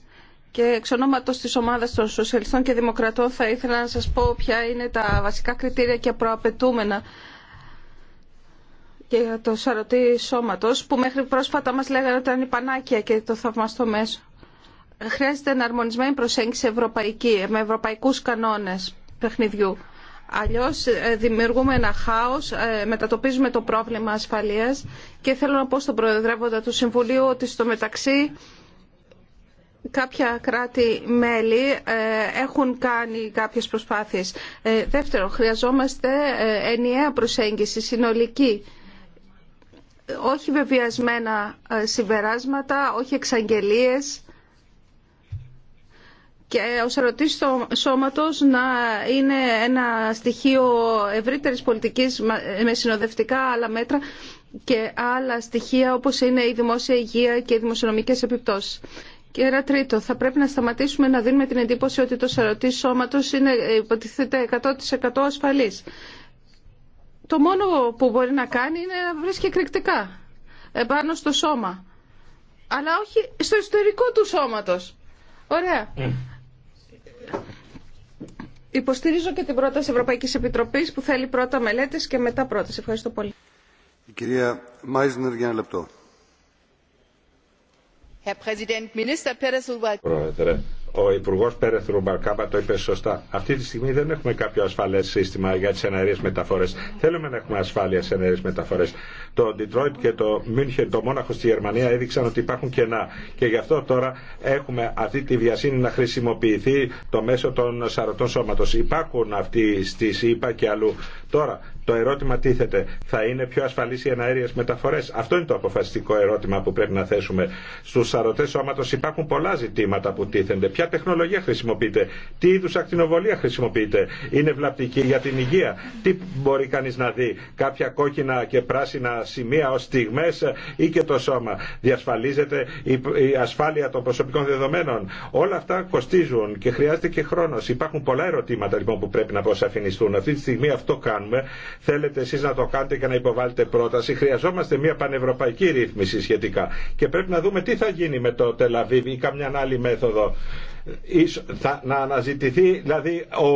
και εξ ονόματο της ομάδας των Σοσιαλιστών και Δημοκρατών θα ήθελα να σα πω ποια είναι τα βασικά κριτήρια και προαπαιτούμενα και για το σαρωτή σώματος που μέχρι πρόσφατα μας λέγανε ότι ήταν πανάκια και το θαυμαστό μέσο. Χρειάζεται εναρμονισμένη προσέγγιση ευρωπαϊκή, με ευρωπαϊκούς κανόνες παιχνιδιού. Αλλιώς ε, δημιουργούμε ένα χάος, ε, μετατοπίζουμε το πρόβλημα ασφαλείας και θέλω να πω στον Προεδρεύοντα του Συμβουλίου ότι στο μεταξύ κάποια κράτη-μέλη ε, έχουν κάνει κάποιες προσπάθειες. Δεύτερο, χρειαζόμαστε ενιαία προσέγγιση, συνολική όχι βεβαιασμένα ε, συμπεράσματα, όχι εξαγγελίες και ο ερωτήσει του σώματος να είναι ένα στοιχείο ευρύτερης πολιτικής με συνοδευτικά άλλα μέτρα και άλλα στοιχεία όπως είναι η δημόσια υγεία και οι δημοσιονομικές επιπτώσεις. Και ένα τρίτο, θα πρέπει να σταματήσουμε να δίνουμε την εντύπωση ότι το σαρωτή σώματος είναι ε, υποτιθέται 100% ασφαλής το μόνο που μπορεί να κάνει είναι να βρίσκει εκρηκτικά επάνω στο σώμα. Αλλά όχι στο ιστορικό του σώματος. Ωραία. Υποστηρίζω και την πρόταση Ευρωπαϊκής Επιτροπής που θέλει πρώτα μελέτες και μετά πρόταση. Ευχαριστώ πολύ. Η κυρία Μάιζνερ για ένα λεπτό. Πρόεδρε, ο Υπουργό Πέρεθ Ρουμπαρκάμπα το είπε σωστά. Αυτή τη στιγμή δεν έχουμε κάποιο ασφαλέ σύστημα για τι εναερίε μεταφορέ. Θέλουμε να έχουμε ασφάλεια σε εναερίε μεταφορέ. Το Ντιτρόιτ και το Μίνχεν, το Μόναχο στη Γερμανία έδειξαν ότι υπάρχουν κενά. Και γι' αυτό τώρα έχουμε αυτή τη βιασύνη να χρησιμοποιηθεί το μέσο των σαρωτών σώματο. Υπάρχουν αυτοί στι ΗΠΑ και αλλού. Τώρα το ερώτημα τίθεται, θα είναι πιο ασφαλή οι εναέριες μεταφορές. Αυτό είναι το αποφασιστικό ερώτημα που πρέπει να θέσουμε. Στους σαρωτές σώματος υπάρχουν πολλά ζητήματα που τίθενται. Ποια τεχνολογία χρησιμοποιείται, τι είδου ακτινοβολία χρησιμοποιείται, είναι βλαπτική για την υγεία, τι μπορεί κανείς να δει, κάποια κόκκινα και πράσινα σημεία ως στιγμές ή και το σώμα. Διασφαλίζεται η ασφάλεια των προσωπικών δεδομένων. Όλα αυτά κοστίζουν και χρειάζεται και χρόνος. Υπάρχουν πολλά ερωτήματα λοιπόν που πρέπει να προσαφινιστούν. Αυτή τη στιγμή αυτό κάνουμε θέλετε εσεί να το κάνετε και να υποβάλλετε πρόταση. Χρειαζόμαστε μια πανευρωπαϊκή ρύθμιση σχετικά. Και πρέπει να δούμε τι θα γίνει με το Τελαβίβι ή καμιά άλλη μέθοδο θα, να αναζητηθεί δηλαδή ο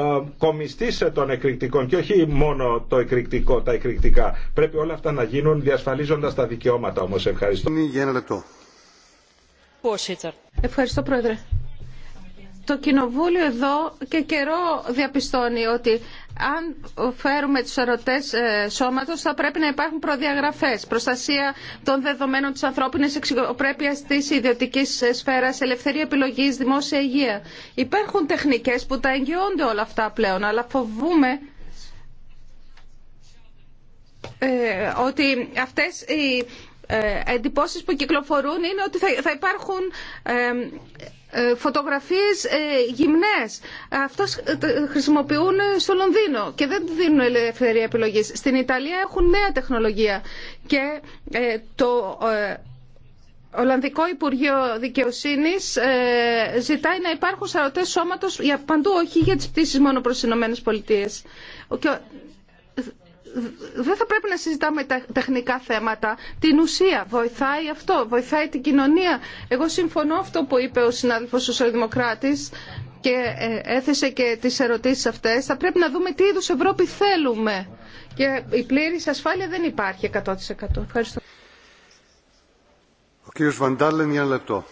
ε, κομιστής των εκρηκτικών και όχι μόνο το εκρηκτικό, τα εκρηκτικά. Πρέπει όλα αυτά να γίνουν διασφαλίζοντας τα δικαιώματα όμως. Ευχαριστώ. Ευχαριστώ Πρόεδρε. Το Κοινοβούλιο εδώ και καιρό διαπιστώνει ότι αν φέρουμε τους ερωτές ε, σώματος θα πρέπει να υπάρχουν προδιαγραφές, προστασία των δεδομένων της ανθρώπινης εξοπρέπεια της ιδιωτικής σφαίρας, ελευθερία επιλογής, δημόσια υγεία. Υπάρχουν τεχνικές που τα εγγυώνται όλα αυτά πλέον, αλλά φοβούμε ε, ότι αυτές οι ε, εντυπώσεις που κυκλοφορούν είναι ότι θα υπάρχουν ε, φωτογραφίες ε, γυμνές. Αυτά χρησιμοποιούν ε, στο Λονδίνο και δεν δίνουν ελευθερία επιλογής. Στην Ιταλία έχουν νέα τεχνολογία και το Ολλανδικό Υπουργείο Δικαιοσύνης ζητάει να υπάρχουν σαρωτές σώματος για παντού, όχι για τις πτήσεις μόνο προς τις Ηνωμένες δεν θα πρέπει να συζητάμε τα τεχνικά θέματα. Την ουσία βοηθάει αυτό, βοηθάει την κοινωνία. Εγώ συμφωνώ αυτό που είπε ο συνάδελφος σοσιαλδημοκράτης και ε, έθεσε και τις ερωτήσεις αυτές. Θα πρέπει να δούμε τι είδους Ευρώπη θέλουμε. Και η πλήρης ασφάλεια δεν υπάρχει 100%. Ευχαριστώ. Ο κύριος Βαντάλεν για λεπτό.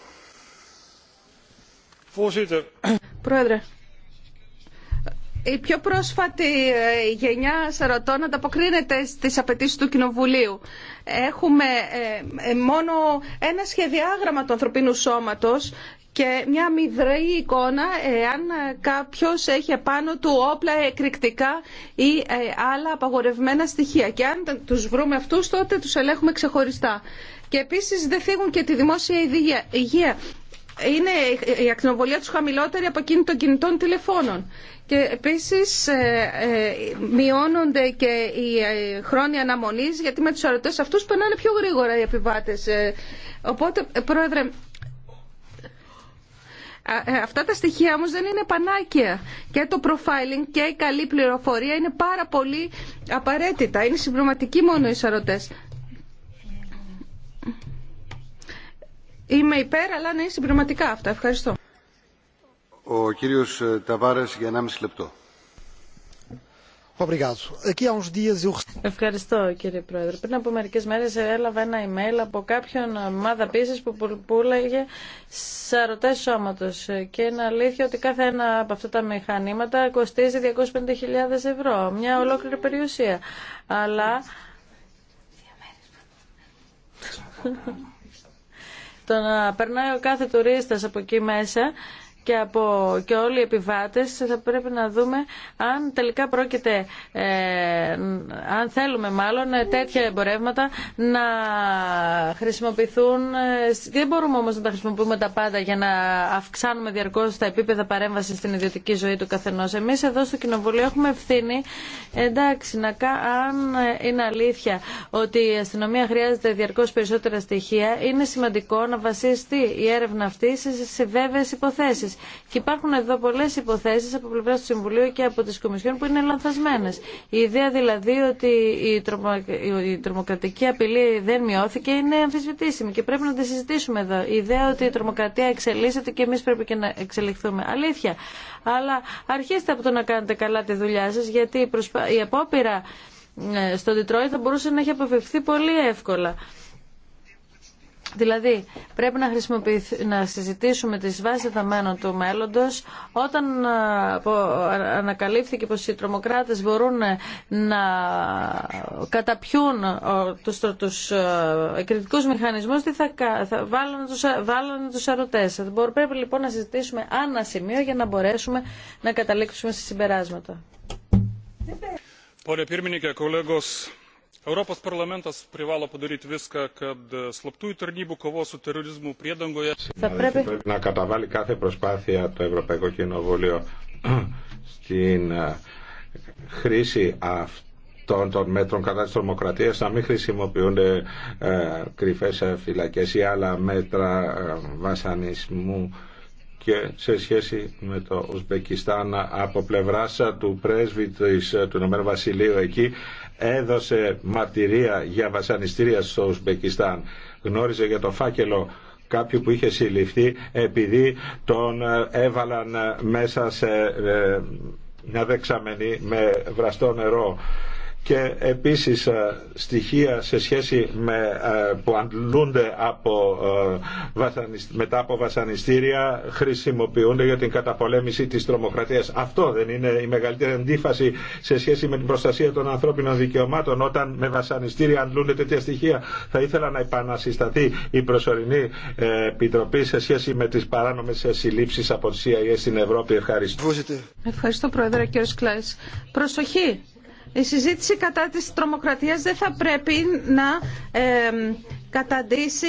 Πρόεδρε η πιο πρόσφατη ε, γενιά σαρωτών ανταποκρίνεται στις απαιτήσεις του Κοινοβουλίου. Έχουμε ε, ε, μόνο ένα σχεδιάγραμμα του ανθρωπίνου σώματος και μια μηδρή εικόνα αν κάποιος έχει πάνω του όπλα εκρηκτικά ή άλλα απαγορευμένα στοιχεία. Και αν τους βρούμε αυτούς τότε τους ελέγχουμε ξεχωριστά. Και επίσης δεν θίγουν και τη δημόσια υγεία είναι η ακτινοβολία τους χαμηλότερη από εκείνη των κινητών τηλεφώνων. Και επίσης ε, ε, μειώνονται και οι ε, χρόνοι αναμονής γιατί με τους αρωτές αυτούς περνάνε πιο γρήγορα οι επιβάτες. Οπότε, Πρόεδρε, αυτά τα στοιχεία όμως δεν είναι πανάκια. Και το profiling και η καλή πληροφορία είναι πάρα πολύ απαραίτητα. Είναι συμπληρωματικοί μόνο οι σαρωτές. Είμαι υπέρ, αλλά να είναι συμπληρωματικά αυτά. Ευχαριστώ. Ο κύριος ε, Ταβάρας για λεπτό. Ευχαριστώ κύριε Πρόεδρε. Πριν από μερικέ μέρε έλαβα ένα email από κάποιον ομάδα πίεση που πουλάγε σαρωτέ σώματο. Και είναι αλήθεια ότι κάθε ένα από αυτά τα μηχανήματα κοστίζει 250.000 ευρώ. Μια ολόκληρη περιουσία. Αλλά. Το να περνάει ο κάθε τουρίστας από εκεί μέσα και, από, και όλοι οι επιβάτες θα πρέπει να δούμε αν τελικά πρόκειται, ε, αν θέλουμε μάλλον τέτοια εμπορεύματα να χρησιμοποιηθούν. Ε, δεν μπορούμε όμως να τα χρησιμοποιούμε τα πάντα για να αυξάνουμε διαρκώς τα επίπεδα παρέμβασης στην ιδιωτική ζωή του καθενός. Εμείς εδώ στο Κοινοβουλίο έχουμε ευθύνη, εντάξει, να, αν είναι αλήθεια ότι η αστυνομία χρειάζεται διαρκώς περισσότερα στοιχεία, είναι σημαντικό να βασίστη η έρευνα αυτή σε βέβαιες υποθέσει υποθέσεις. Και υπάρχουν εδώ πολλές υποθέσεις από πλευρά του Συμβουλίου και από τις Κομισιόν που είναι λανθασμένες. Η ιδέα δηλαδή ότι η, η τρομοκρατική απειλή δεν μειώθηκε είναι αμφισβητήσιμη και πρέπει να τη συζητήσουμε εδώ. Η ιδέα ότι η τρομοκρατία εξελίσσεται και εμείς πρέπει και να εξελιχθούμε. Αλήθεια. Αλλά αρχίστε από το να κάνετε καλά τη δουλειά σας γιατί η, προσπά... η απόπειρα ε, στο Detroit θα μπορούσε να έχει αποφευθεί πολύ εύκολα. Δηλαδή, πρέπει να, να συζητήσουμε τις βάσεις δεδομένων του μέλλοντος. Όταν ε, ανακαλύφθηκε πως οι τρομοκράτες μπορούν ε, να καταπιούν τους, τους ε, εκρητικούς μηχανισμούς, τι θα, βάλουν τους, βάλουν τους αρωτές. Πρέπει λοιπόν να συζητήσουμε ένα σημείο για να μπορέσουμε να καταλήξουμε σε συμπεράσματα europos parlamentas privalo padaryti viską kad e, slaptųjų tarnybų πρέπει... να καταβάλει κάθε προσπάθεια το Ευρωπαϊκό Κοινοβούλιο (clears throat) στην ε, χρήση αυτών των μέτρων κατά της τρομοκρατίας να μην χρησιμοποιούνται ε, κρυφές ε, φυλακές ή άλλα μέτρα ε, βασανισμού και σε σχέση με το Ουσμπεκιστάν από πλευράς του πρέσβη του Ηνωμένου Βασιλείου εκεί έδωσε μαρτυρία για βασανιστήρια στο Ουσμπεκιστάν. Γνώριζε για το φάκελο κάποιου που είχε συλληφθεί επειδή τον ε, έβαλαν ε, μέσα σε ε, μια δεξαμενή με βραστό νερό και επίσης ε, στοιχεία σε σχέση με, ε, που αντλούνται από, ε, μετά από βασανιστήρια χρησιμοποιούνται για την καταπολέμηση της τρομοκρατίας. Αυτό δεν είναι η μεγαλύτερη αντίφαση σε σχέση με την προστασία των ανθρώπινων δικαιωμάτων όταν με βασανιστήρια αντλούνται τέτοια στοιχεία. Θα ήθελα να επανασυσταθεί η προσωρινή επιτροπή σε σχέση με τις παράνομες συλλήψεις από CIS στην Ευρώπη. Ευχαριστώ. Ευχαριστώ Πρόεδρε κ. Κλάις Προσοχή η συζήτηση κατά της τρομοκρατίας δεν θα πρέπει να ε, καταντήσει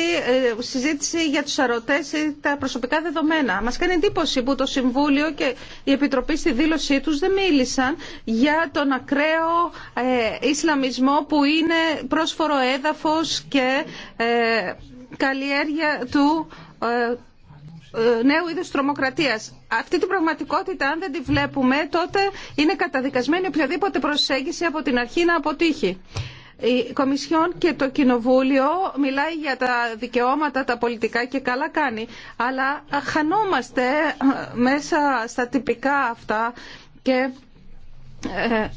συζήτηση για τους αρωτές ή τα προσωπικά δεδομένα. Μας κάνει εντύπωση που το Συμβούλιο και η Επιτροπή στη δήλωσή τους δεν μίλησαν για τον ακραίο ε, Ισλαμισμό που είναι πρόσφορο έδαφος και ε, καλλιέργεια του ε, ε, νέου είδους τρομοκρατίας. Αυτή την πραγματικότητα αν δεν τη βλέπουμε τότε είναι καταδικασμένη οποιαδήποτε προσέγγιση από την αρχή να αποτύχει. Η Κομισιόν και το Κοινοβούλιο μιλάει για τα δικαιώματα, τα πολιτικά και καλά κάνει. Αλλά χανόμαστε ε, μέσα στα τυπικά αυτά και ε,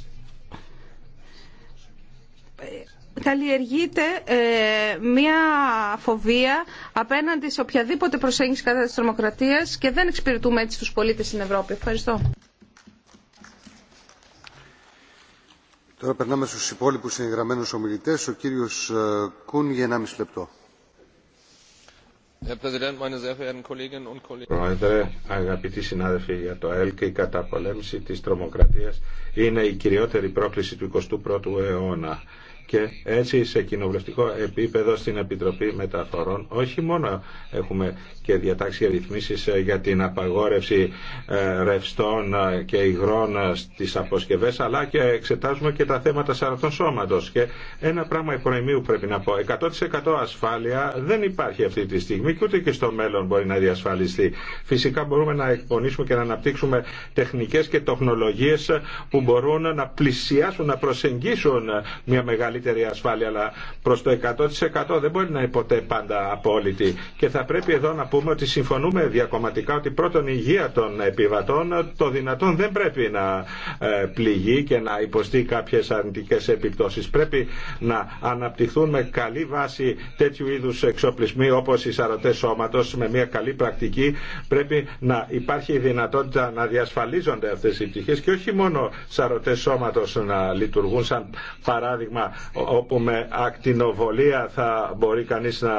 καλλιεργείται ε, μια φοβία απέναντι σε οποιαδήποτε προσέγγιση κατά της τρομοκρατίας και δεν εξυπηρετούμε έτσι τους πολίτες στην Ευρώπη. Ευχαριστώ. Τώρα περνάμε στους υπόλοιπους συγγραμμένους ομιλητές. Ο κύριος ε, Κούν για 1,5 λεπτό. Πρόεδρε, αγαπητοί συνάδελφοι για το ΕΛΚ και η καταπολέμηση της τρομοκρατίας είναι η κυριότερη πρόκληση του 21ου αιώνα και έτσι σε κοινοβουλευτικό επίπεδο στην Επιτροπή Μεταφορών όχι μόνο έχουμε και διατάξει ρυθμίσεις ε, για την απαγόρευση ε, ρευστών ε, και υγρών στις αποσκευές αλλά και εξετάζουμε και τα θέματα σαρωτών σώματος και ένα πράγμα υπονοημίου πρέπει να πω 100% ασφάλεια δεν υπάρχει αυτή τη στιγμή και ούτε και στο μέλλον μπορεί να διασφαλιστεί φυσικά μπορούμε να εκπονήσουμε και να αναπτύξουμε τεχνικές και τεχνολογίες που μπορούν να πλησιάσουν, να προσεγγίσουν μια μεγάλη μεγαλύτερη ασφάλεια, αλλά προ το 100% δεν μπορεί να είναι ποτέ πάντα απόλυτη. Και θα πρέπει εδώ να πούμε ότι συμφωνούμε διακομματικά ότι πρώτον η υγεία των επιβατών το δυνατόν δεν πρέπει να ε, πληγεί και να υποστεί κάποιε αρνητικέ επιπτώσει. Πρέπει να αναπτυχθούν με καλή βάση τέτοιου είδου εξοπλισμοί όπω οι σαρωτέ σώματος με μια καλή πρακτική. Πρέπει να υπάρχει η δυνατότητα να διασφαλίζονται αυτέ οι πτυχέ και όχι μόνο σαρωτέ σώματο να λειτουργούν σαν παράδειγμα όπου με ακτινοβολία θα μπορεί κανείς να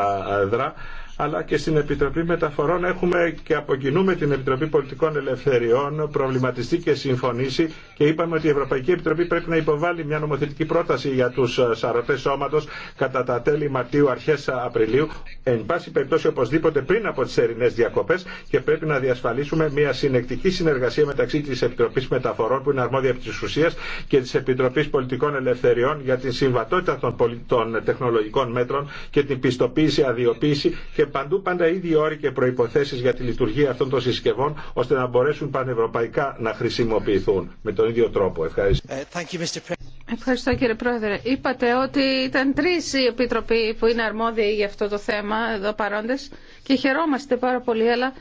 δρά αλλά και στην Επιτροπή Μεταφορών έχουμε και αποκοινούμε την Επιτροπή Πολιτικών Ελευθεριών, προβληματιστεί και συμφωνήσει και είπαμε ότι η Ευρωπαϊκή Επιτροπή πρέπει να υποβάλει μια νομοθετική πρόταση για τους ε, σαρωτέ σώματος κατά τα τέλη Μαρτίου, αρχές Απριλίου, εν πάση περιπτώσει οπωσδήποτε πριν από τις ερηνές διακοπές και πρέπει να διασφαλίσουμε μια συνεκτική συνεργασία μεταξύ της Επιτροπής Μεταφορών που είναι αρμόδια επί της και της Επιτροπής Πολιτικών Ελευθεριών για την συμβατότητα των, τεχνολογικών μέτρων και την πιστοποίηση, αδειοποίηση και παντού πάντα ήδη όροι και προϋποθέσεις για τη λειτουργία αυτών των συσκευών ώστε να μπορέσουν πανευρωπαϊκά να χρησιμοποιηθούν με τον ίδιο τρόπο. Ευχαριστώ. Ε, Ευχαριστώ κύριε Πρόεδρε. Είπατε ότι ήταν τρεις οι επίτροποι που είναι αρμόδιοι για αυτό το θέμα εδώ παρόντες και χαιρόμαστε πάρα πολύ, αλλά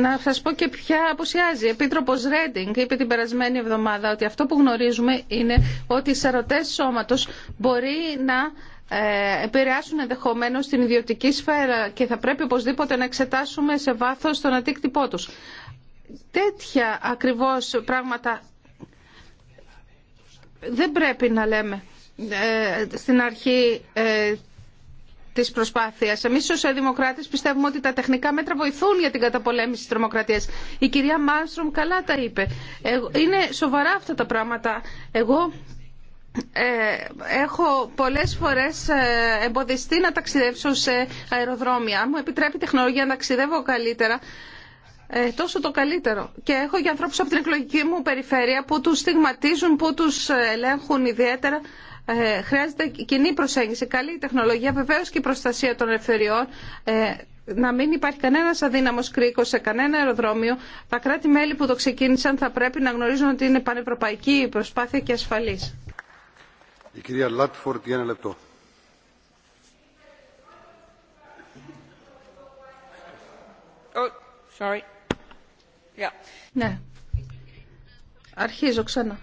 να σας πω και ποια αποσιάζει. Επίτροπος Ρέντινγκ είπε την περασμένη εβδομάδα ότι αυτό που γνωρίζουμε είναι ότι οι σαρωτές σώματος μπορεί να ε, επηρεάσουν ενδεχομένω την ιδιωτική σφαίρα και θα πρέπει οπωσδήποτε να εξετάσουμε σε βάθος τον αντίκτυπό του. Τέτοια ακριβώς πράγματα δεν πρέπει να λέμε ε, στην αρχή ε, της προσπάθειας. Εμείς ως δημοκράτες πιστεύουμε ότι τα τεχνικά μέτρα βοηθούν για την καταπολέμηση της τρομοκρατίας. Η κυρία Μάνστρομ καλά τα είπε. Είναι σοβαρά αυτά τα πράγματα. Εγώ ε, έχω πολλές φορές ε, εμποδιστεί να ταξιδεύσω σε αεροδρόμια. μου επιτρέπει η τεχνολογία να ταξιδεύω καλύτερα, ε, τόσο το καλύτερο. Και έχω και ανθρώπους από την εκλογική μου περιφέρεια που τους στιγματίζουν, που τους ελέγχουν ιδιαίτερα. Ε, χρειάζεται κοινή προσέγγιση, καλή τεχνολογία, βεβαίως και η προστασία των ελευθεριών. να μην υπάρχει κανένας αδύναμος κρίκος σε κανένα αεροδρόμιο. Τα κράτη-μέλη που το ξεκίνησαν θα πρέπει να γνωρίζουν ότι είναι πανευρωπαϊκή προσπάθεια και ασφαλή. Η κυρία Λάτφορντ για ένα λεπτό. Oh, ναι. Αρχίζω ξανά.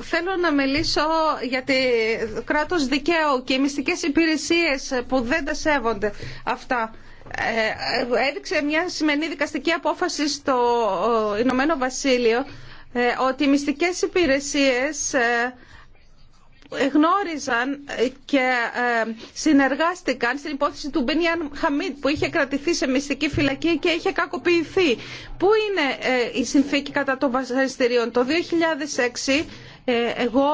Θέλω να μιλήσω για το κράτος δικαίου και οι μυστικές υπηρεσίες που δεν τα σέβονται αυτά. Ε, έδειξε μια σημερινή δικαστική απόφαση στο ε, Ηνωμένο Βασίλειο ε, ότι οι μυστικές υπηρεσίες γνώριζαν και ε, συνεργάστηκαν στην υπόθεση του Μπενιάν Χαμίτ που είχε κρατηθεί σε μυστική φυλακή και είχε κακοποιηθεί. Πού είναι ε, η συνθήκη κατά των βασανιστήριων. Το 2006 ε, εγώ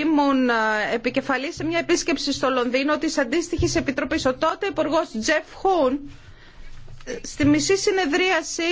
ήμουν επικεφαλής σε μια επίσκεψη στο Λονδίνο της αντίστοιχης επιτροπής. Ο τότε υπουργός Τζεφ Χούν Στη μισή συνεδρίαση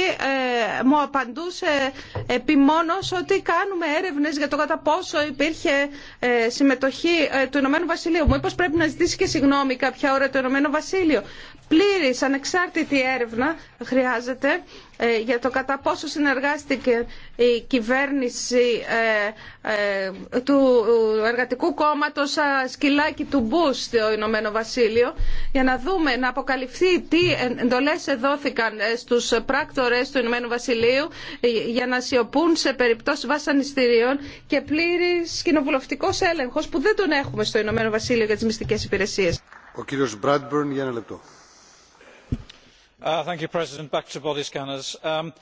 ε, μου απαντούσε επιμόνως ότι κάνουμε έρευνες για το κατά πόσο υπήρχε ε, συμμετοχή ε, του Ηνωμένου Βασιλείου. Μου είπες πρέπει να ζητήσει και συγγνώμη κάποια ώρα το Ηνωμένο Βασίλειο πλήρης ανεξάρτητη έρευνα χρειάζεται ε, για το κατά πόσο συνεργάστηκε η κυβέρνηση ε, ε, του εργατικού κόμματος σκυλάκι του Μπούς στο Ηνωμένο Βασίλειο για να δούμε, να αποκαλυφθεί τι εντολές δόθηκαν στους πράκτορες του Ηνωμένου Βασιλείου για να σιωπούν σε περιπτώσει βασανιστήριων και πλήρης κοινοβουλευτικό έλεγχος που δεν τον έχουμε στο Ηνωμένο Βασίλειο για τις μυστικές υπηρεσίες. Ο κύριος Μπράντμπερν για ένα λεπτό. Uh, um,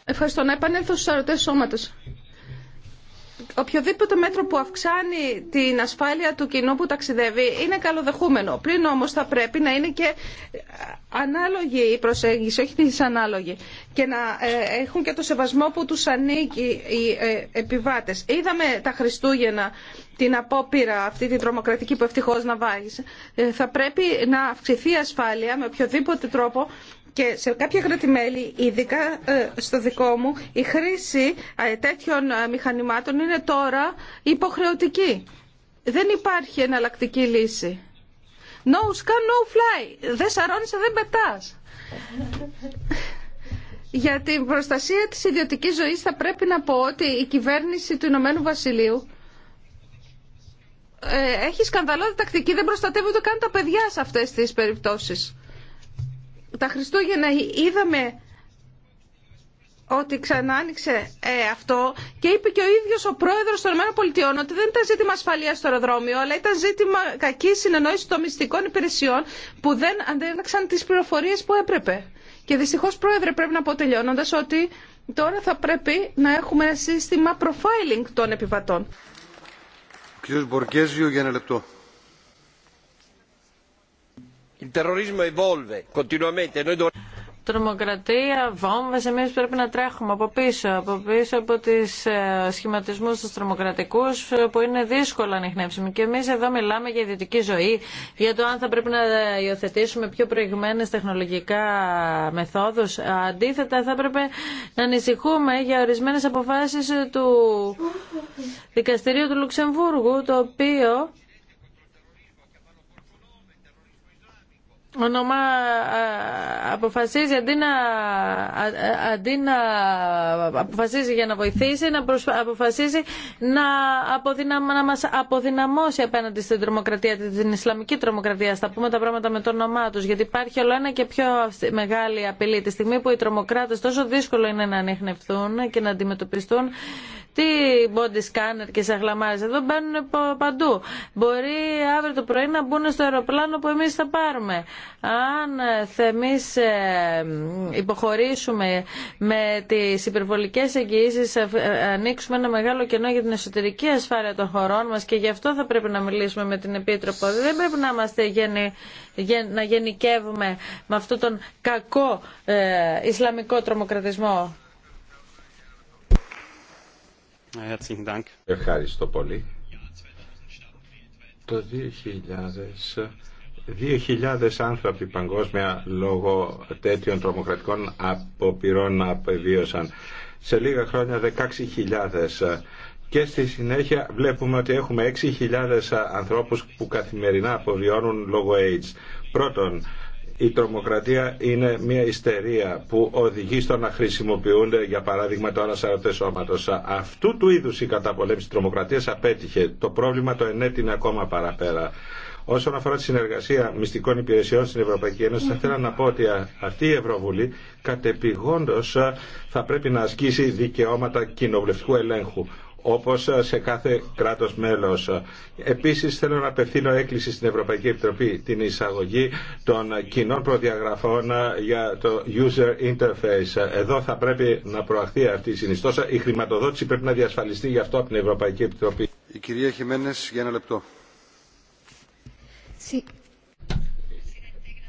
Ευχαριστώ. Να επανέλθω στους αρρωτές σώματος. Οποιοδήποτε μέτρο που αυξάνει την ασφάλεια του κοινού που ταξιδεύει είναι καλοδεχούμενο. Πριν όμως θα πρέπει να είναι και ε, ανάλογη η προσέγγιση, όχι δυσανάλογη. Και να ε, έχουν και το σεβασμό που τους ανήκει οι ε, επιβάτες. Είδαμε τα Χριστούγεννα την απόπειρα αυτή την τρομοκρατική που ευτυχώ να βάγει. Θα πρέπει να αυξηθεί η ασφάλεια με οποιοδήποτε τρόπο και σε κάποια κρατημέλη, ειδικά ε, στο δικό μου, η χρήση ε, τέτοιων ε, μηχανημάτων είναι τώρα υποχρεωτική. Δεν υπάρχει εναλλακτική λύση. No scan, no fly. Δεν σαρώνεις, δεν πετάς. Για την προστασία της ιδιωτικής ζωής θα πρέπει να πω ότι η κυβέρνηση του Ηνωμένου Βασιλείου έχει σκανδαλώδη τακτική, δεν προστατεύονται καν τα παιδιά σε αυτές τις περιπτώσεις τα Χριστούγεννα είδαμε ότι ξανά άνοιξε ε, αυτό και είπε και ο ίδιος ο πρόεδρος των ΗΠΑ ότι δεν ήταν ζήτημα ασφαλείας στο αεροδρόμιο αλλά ήταν ζήτημα κακής συνεννόησης των μυστικών υπηρεσιών που δεν αντέλεξαν τις πληροφορίες που έπρεπε. Και δυστυχώς πρόεδρε πρέπει να πω τελειώνοντας ότι τώρα θα πρέπει να έχουμε ένα σύστημα profiling των επιβατών. Κύριος Μπορκέζιο, για ένα λεπτό. Il terrorismo evolve τρομοκρατία, βόμβες, εμείς πρέπει να τρέχουμε από πίσω, από πίσω από τις ε, σχηματισμούς τους τρομοκρατικούς ε, που είναι δύσκολο να ανοιχνεύσουμε. Και εμείς εδώ μιλάμε για ιδιωτική ζωή, για το αν θα πρέπει να υιοθετήσουμε πιο προηγμένες τεχνολογικά μεθόδους. Αντίθετα θα έπρεπε να ανησυχούμε για ορισμένες αποφάσεις του Δικαστηρίου του Λουξεμβούργου, το οποίο νόμα αποφασίζει αντί να, αντί να αποφασίζει για να βοηθήσει, να αποφασίζει να, αποδυναμ, να μας αποδυναμώσει απέναντι στην τρομοκρατία, την Ισλαμική τρομοκρατία. θα πούμε τα πράγματα με το όνομά τους, γιατί υπάρχει όλο ένα και πιο μεγάλη απειλή. Τη στιγμή που οι τρομοκράτες τόσο δύσκολο είναι να ανέχνευθούν και να αντιμετωπιστούν, τι body scanner και σαχλαμάρες, εδώ μπαίνουν παντού. Μπορεί αύριο το πρωί να μπουν στο αεροπλάνο που εμείς θα πάρουμε. Αν ε, εμεί ε, υποχωρήσουμε με τις υπερβολικές εγγυήσεις, ε, ανοίξουμε ένα μεγάλο κενό για την εσωτερική ασφάλεια των χωρών μας και γι' αυτό θα πρέπει να μιλήσουμε με την Επίτροπο. Δεν πρέπει να είμαστε να γενικεύουμε με αυτόν τον κακό ε, Ισλαμικό τρομοκρατισμό. Ευχαριστώ πολύ. Το 2000 2.000 άνθρωποι παγκόσμια λόγω τέτοιων τρομοκρατικών αποπειρών απεβίωσαν. Σε λίγα χρόνια 16.000 και στη συνέχεια βλέπουμε ότι έχουμε 6.000 ανθρώπους που καθημερινά αποβιώνουν λόγω AIDS. Πρώτον, η τρομοκρατία είναι μια ιστερία που οδηγεί στο να χρησιμοποιούνται για παράδειγμα τώρα σαρωτές σώματος. Αυτού του είδους η καταπολέμηση τη τρομοκρατίας απέτυχε. Το πρόβλημα το ενέτεινε ακόμα παραπέρα. Όσον αφορά τη συνεργασία μυστικών υπηρεσιών στην Ευρωπαϊκή Ένωση, θα ήθελα να πω ότι αυτή η Ευρωβουλή κατεπηγόντω θα πρέπει να ασκήσει δικαιώματα κοινοβουλευτικού ελέγχου όπως σε κάθε κράτος μέλος. Επίσης θέλω να απευθύνω έκκληση στην Ευρωπαϊκή Επιτροπή την εισαγωγή των κοινών προδιαγραφών για το user interface. Εδώ θα πρέπει να προαχθεί αυτή η συνιστόσα. Η χρηματοδότηση πρέπει να διασφαλιστεί γι' αυτό από την Ευρωπαϊκή Επιτροπή. Η κυρία Χιμένες για ένα λεπτό.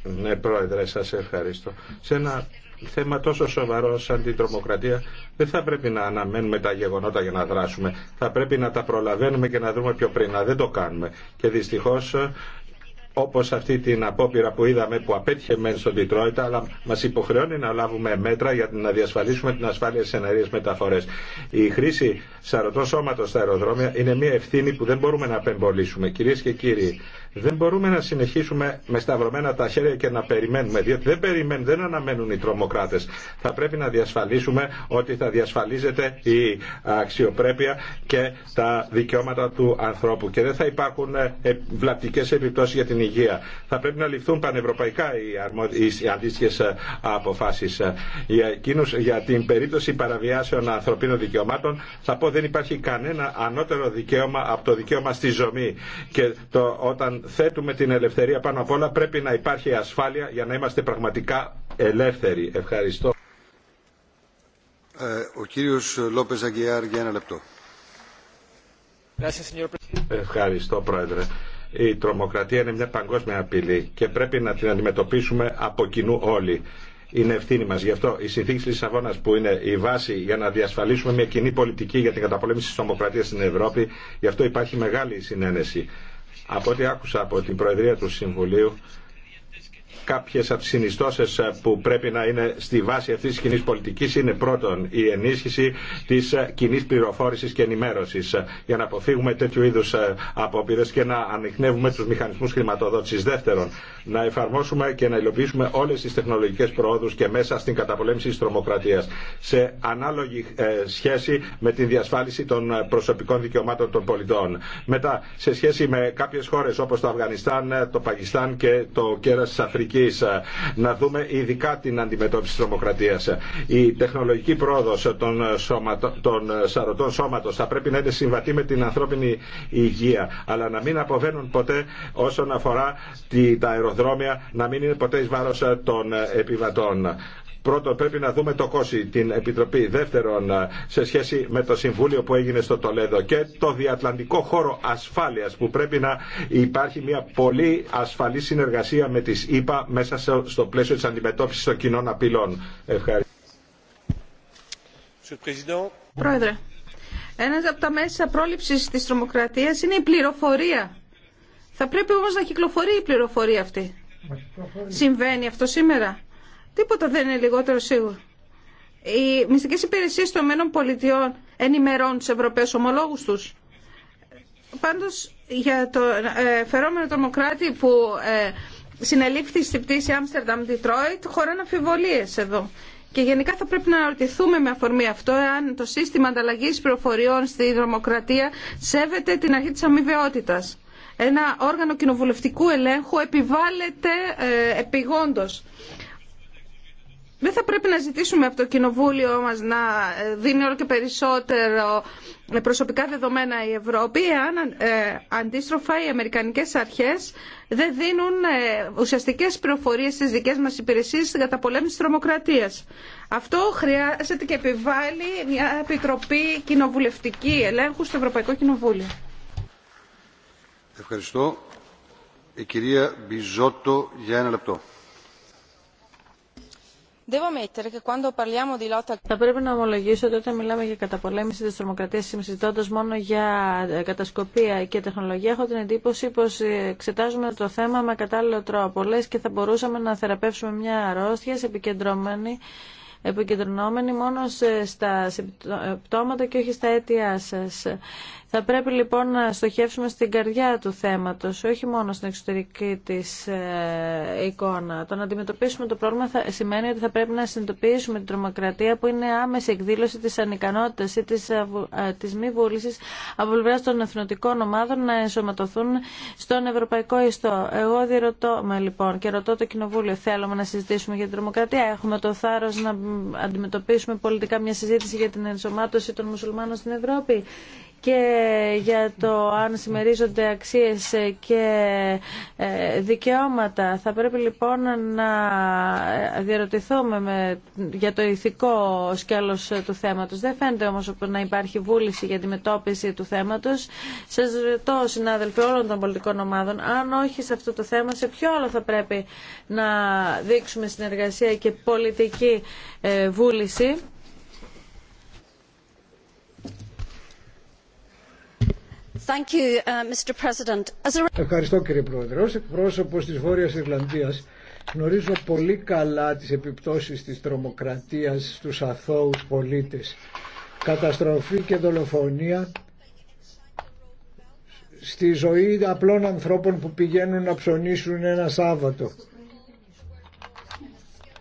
Ναι, πρόεδρε, σας ευχαριστώ. Σε ένα θέμα τόσο σοβαρό σαν την τρομοκρατία δεν θα πρέπει να αναμένουμε τα γεγονότα για να δράσουμε. Θα πρέπει να τα προλαβαίνουμε και να δούμε πιο πριν. Να δεν το κάνουμε. Και δυστυχώ, όπω αυτή την απόπειρα που είδαμε που απέτυχε μεν στον Τιτρόιτα, αλλά μα υποχρεώνει να λάβουμε μέτρα για να διασφαλίσουμε την ασφάλεια στι εναερίες μεταφορές. Η χρήση σαρωτό σώματο στα αεροδρόμια είναι μια ευθύνη που δεν μπορούμε να απεμπολίσουμε. κυρίε και κύριοι, δεν μπορούμε να συνεχίσουμε με σταυρωμένα τα χέρια και να περιμένουμε, διότι δεν περιμένουν, δεν αναμένουν οι τρομοκράτε. Θα πρέπει να διασφαλίσουμε ότι θα διασφαλίζεται η αξιοπρέπεια και τα δικαιώματα του ανθρώπου και δεν θα υπάρχουν ε, βλαπτικές επιπτώσει για την υγεία. Θα πρέπει να ληφθούν πανευρωπαϊκά οι, αρμο... οι ε, αποφάσεις. Ε, για, την περίπτωση παραβιάσεων ανθρωπίνων δικαιωμάτων θα πω δεν υπάρχει κανένα ανώτερο δικαίωμα από το δικαίωμα στη ζωή και το, όταν θέτουμε την ελευθερία πάνω απ' όλα πρέπει να υπάρχει ασφάλεια για να είμαστε πραγματικά ελεύθεροι. Ευχαριστώ. Ε, ο κύριος Λόπεζ Αγγιάρ για ένα λεπτό. Ευχαριστώ πρόεδρε. Η τρομοκρατία είναι μια παγκόσμια απειλή και πρέπει να την αντιμετωπίσουμε από κοινού όλοι. Είναι ευθύνη μα. Γι' αυτό η συνθήκη τη Λισαβόνα, που είναι η βάση για να διασφαλίσουμε μια κοινή πολιτική για την καταπολέμηση τη τρομοκρατία στην Ευρώπη, γι' αυτό υπάρχει μεγάλη συνένεση. Από ό,τι άκουσα από την Προεδρία του Συμβουλίου κάποιες από τις συνιστώσεις ε, που πρέπει να είναι στη βάση αυτής της κοινή πολιτικής είναι πρώτον η ενίσχυση της ε, κοινή πληροφόρησης και ενημέρωσης ε, για να αποφύγουμε τέτοιου είδους απόπειρες και να ανοιχνεύουμε τους μηχανισμούς χρηματοδότησης. Δεύτερον, να εφαρμόσουμε και να υλοποιήσουμε όλες τις τεχνολογικές προόδους και μέσα στην καταπολέμηση της τρομοκρατίας σε ανάλογη σχέση με την διασφάλιση των προσωπικών δικαιωμάτων των πολιτών. Μετά, σε σχέση με κάποιες χώρες όπως το Αφγανιστάν, το Πακιστάν και το κέρας της Αφρικής ε, να δούμε ειδικά την αντιμετώπιση της τρομοκρατία. Η τεχνολογική πρόοδος των, των σαρωτών σώματος θα πρέπει να είναι συμβατή με την ανθρώπινη υγεία, αλλά να μην αποβαίνουν ποτέ όσον αφορά τα αεροδρόμια, να μην είναι ποτέ ει βάρο ε, των επιβατών. Πρώτον, πρέπει να δούμε το κόσι, την Επιτροπή. Δεύτερον, ε, σε σχέση με το Συμβούλιο που έγινε στο Τολέδο και το διατλαντικό χώρο ασφάλειας που πρέπει να υπάρχει μια πολύ ασφαλή συνεργασία με τις ΗΠΑ μέσα στο πλαίσιο της αντιμετώπισης των κοινών απειλών. Ευχαριστώ. Πρόεδρε, ένας από τα μέσα πρόληψη της τρομοκρατίας είναι η πληροφορία. Θα πρέπει όμως να κυκλοφορεί η πληροφορία αυτή. Συμβαίνει αυτό σήμερα. Τίποτα δεν είναι λιγότερο σίγουρο. Οι μυστικές υπηρεσίες των ΗΠΑ ενημερώνουν του Ευρωπαίους Ομολόγου τους. Πάντως για το ε, φερόμενο τρομοκράτη που ε, συνελήφθη στη πτήση Άμστερνταμ-Διτρόιτ χωράνε αμφιβολίες εδώ. Και γενικά θα πρέπει να αναρωτηθούμε με αφορμή αυτό εάν το σύστημα ανταλλαγή πληροφοριών στη δρομοκρατία σέβεται την αρχή τη αμοιβαιότητα. Ένα όργανο κοινοβουλευτικού ελέγχου επιβάλλεται ε, επιγόντω. Δεν θα πρέπει να ζητήσουμε από το κοινοβούλιο μας να ε, δίνει όλο και περισσότερο ε, προσωπικά δεδομένα η Ευρώπη, αν ε, αντίστροφα οι αμερικανικές αρχές δεν δίνουν ουσιαστικές πληροφορίες στις δικές μας υπηρεσίες στην καταπολέμηση της τρομοκρατίας. Αυτό χρειάζεται και επιβάλλει μια επιτροπή κοινοβουλευτική ελέγχου στο Ευρωπαϊκό Κοινοβούλιο. Ευχαριστώ. Η κυρία Μπιζότο για ένα λεπτό. Θα πρέπει να ομολογήσω ότι όταν μιλάμε για καταπολέμηση τη τρομοκρατίας συζητώντα μόνο για ε, κατασκοπία και τεχνολογία έχω την εντύπωση πω ε, εξετάζουμε το θέμα με κατάλληλο τρόπο. Λε και θα μπορούσαμε να θεραπεύσουμε μια αρρώστια επικεντρώμενη επικεντρωνόμενοι μόνο στα συμπτώματα ε, και όχι στα αίτια σας. Θα πρέπει λοιπόν να στοχεύσουμε στην καρδιά του θέματος, όχι μόνο στην εξωτερική της ε, εικόνα. Το να αντιμετωπίσουμε το πρόβλημα θα, σημαίνει ότι θα πρέπει να συνειδητοποιήσουμε την τρομοκρατία που είναι άμεση εκδήλωση της ανικανότητας ή της, ε, της μη βούλησης από πλευρά των εθνοτικών ομάδων να ενσωματωθούν στον ευρωπαϊκό ιστό. Εγώ διερωτώ με λοιπόν και ρωτώ το Κοινοβούλιο, θέλουμε να συζητήσουμε για την τρομοκρατία, έχουμε το θάρρος να αντιμετωπίσουμε πολιτικά μια συζήτηση για την ενσωμάτωση των μουσουλμάνων στην Ευρώπη και για το αν συμμερίζονται αξίες και ε, δικαιώματα. Θα πρέπει λοιπόν να διαρωτηθούμε με, για το ηθικό σκέλος του θέματος. Δεν φαίνεται όμως να υπάρχει βούληση για τη μετώπιση του θέματος. Σας ρωτώ συνάδελφοι όλων των πολιτικών ομάδων, αν όχι σε αυτό το θέμα, σε ποιο άλλο θα πρέπει να δείξουμε συνεργασία και πολιτική ε, βούληση. Uh, Ευχαριστώ κύριε Πρόεδρε. Ως εκπρόσωπος της Βόρειας Ιρλανδίας γνωρίζω πολύ καλά τις επιπτώσεις της τρομοκρατίας στους αθώους πολίτες. Καταστροφή και δολοφονία στη ζωή απλών ανθρώπων που πηγαίνουν να ψωνίσουν ένα Σάββατο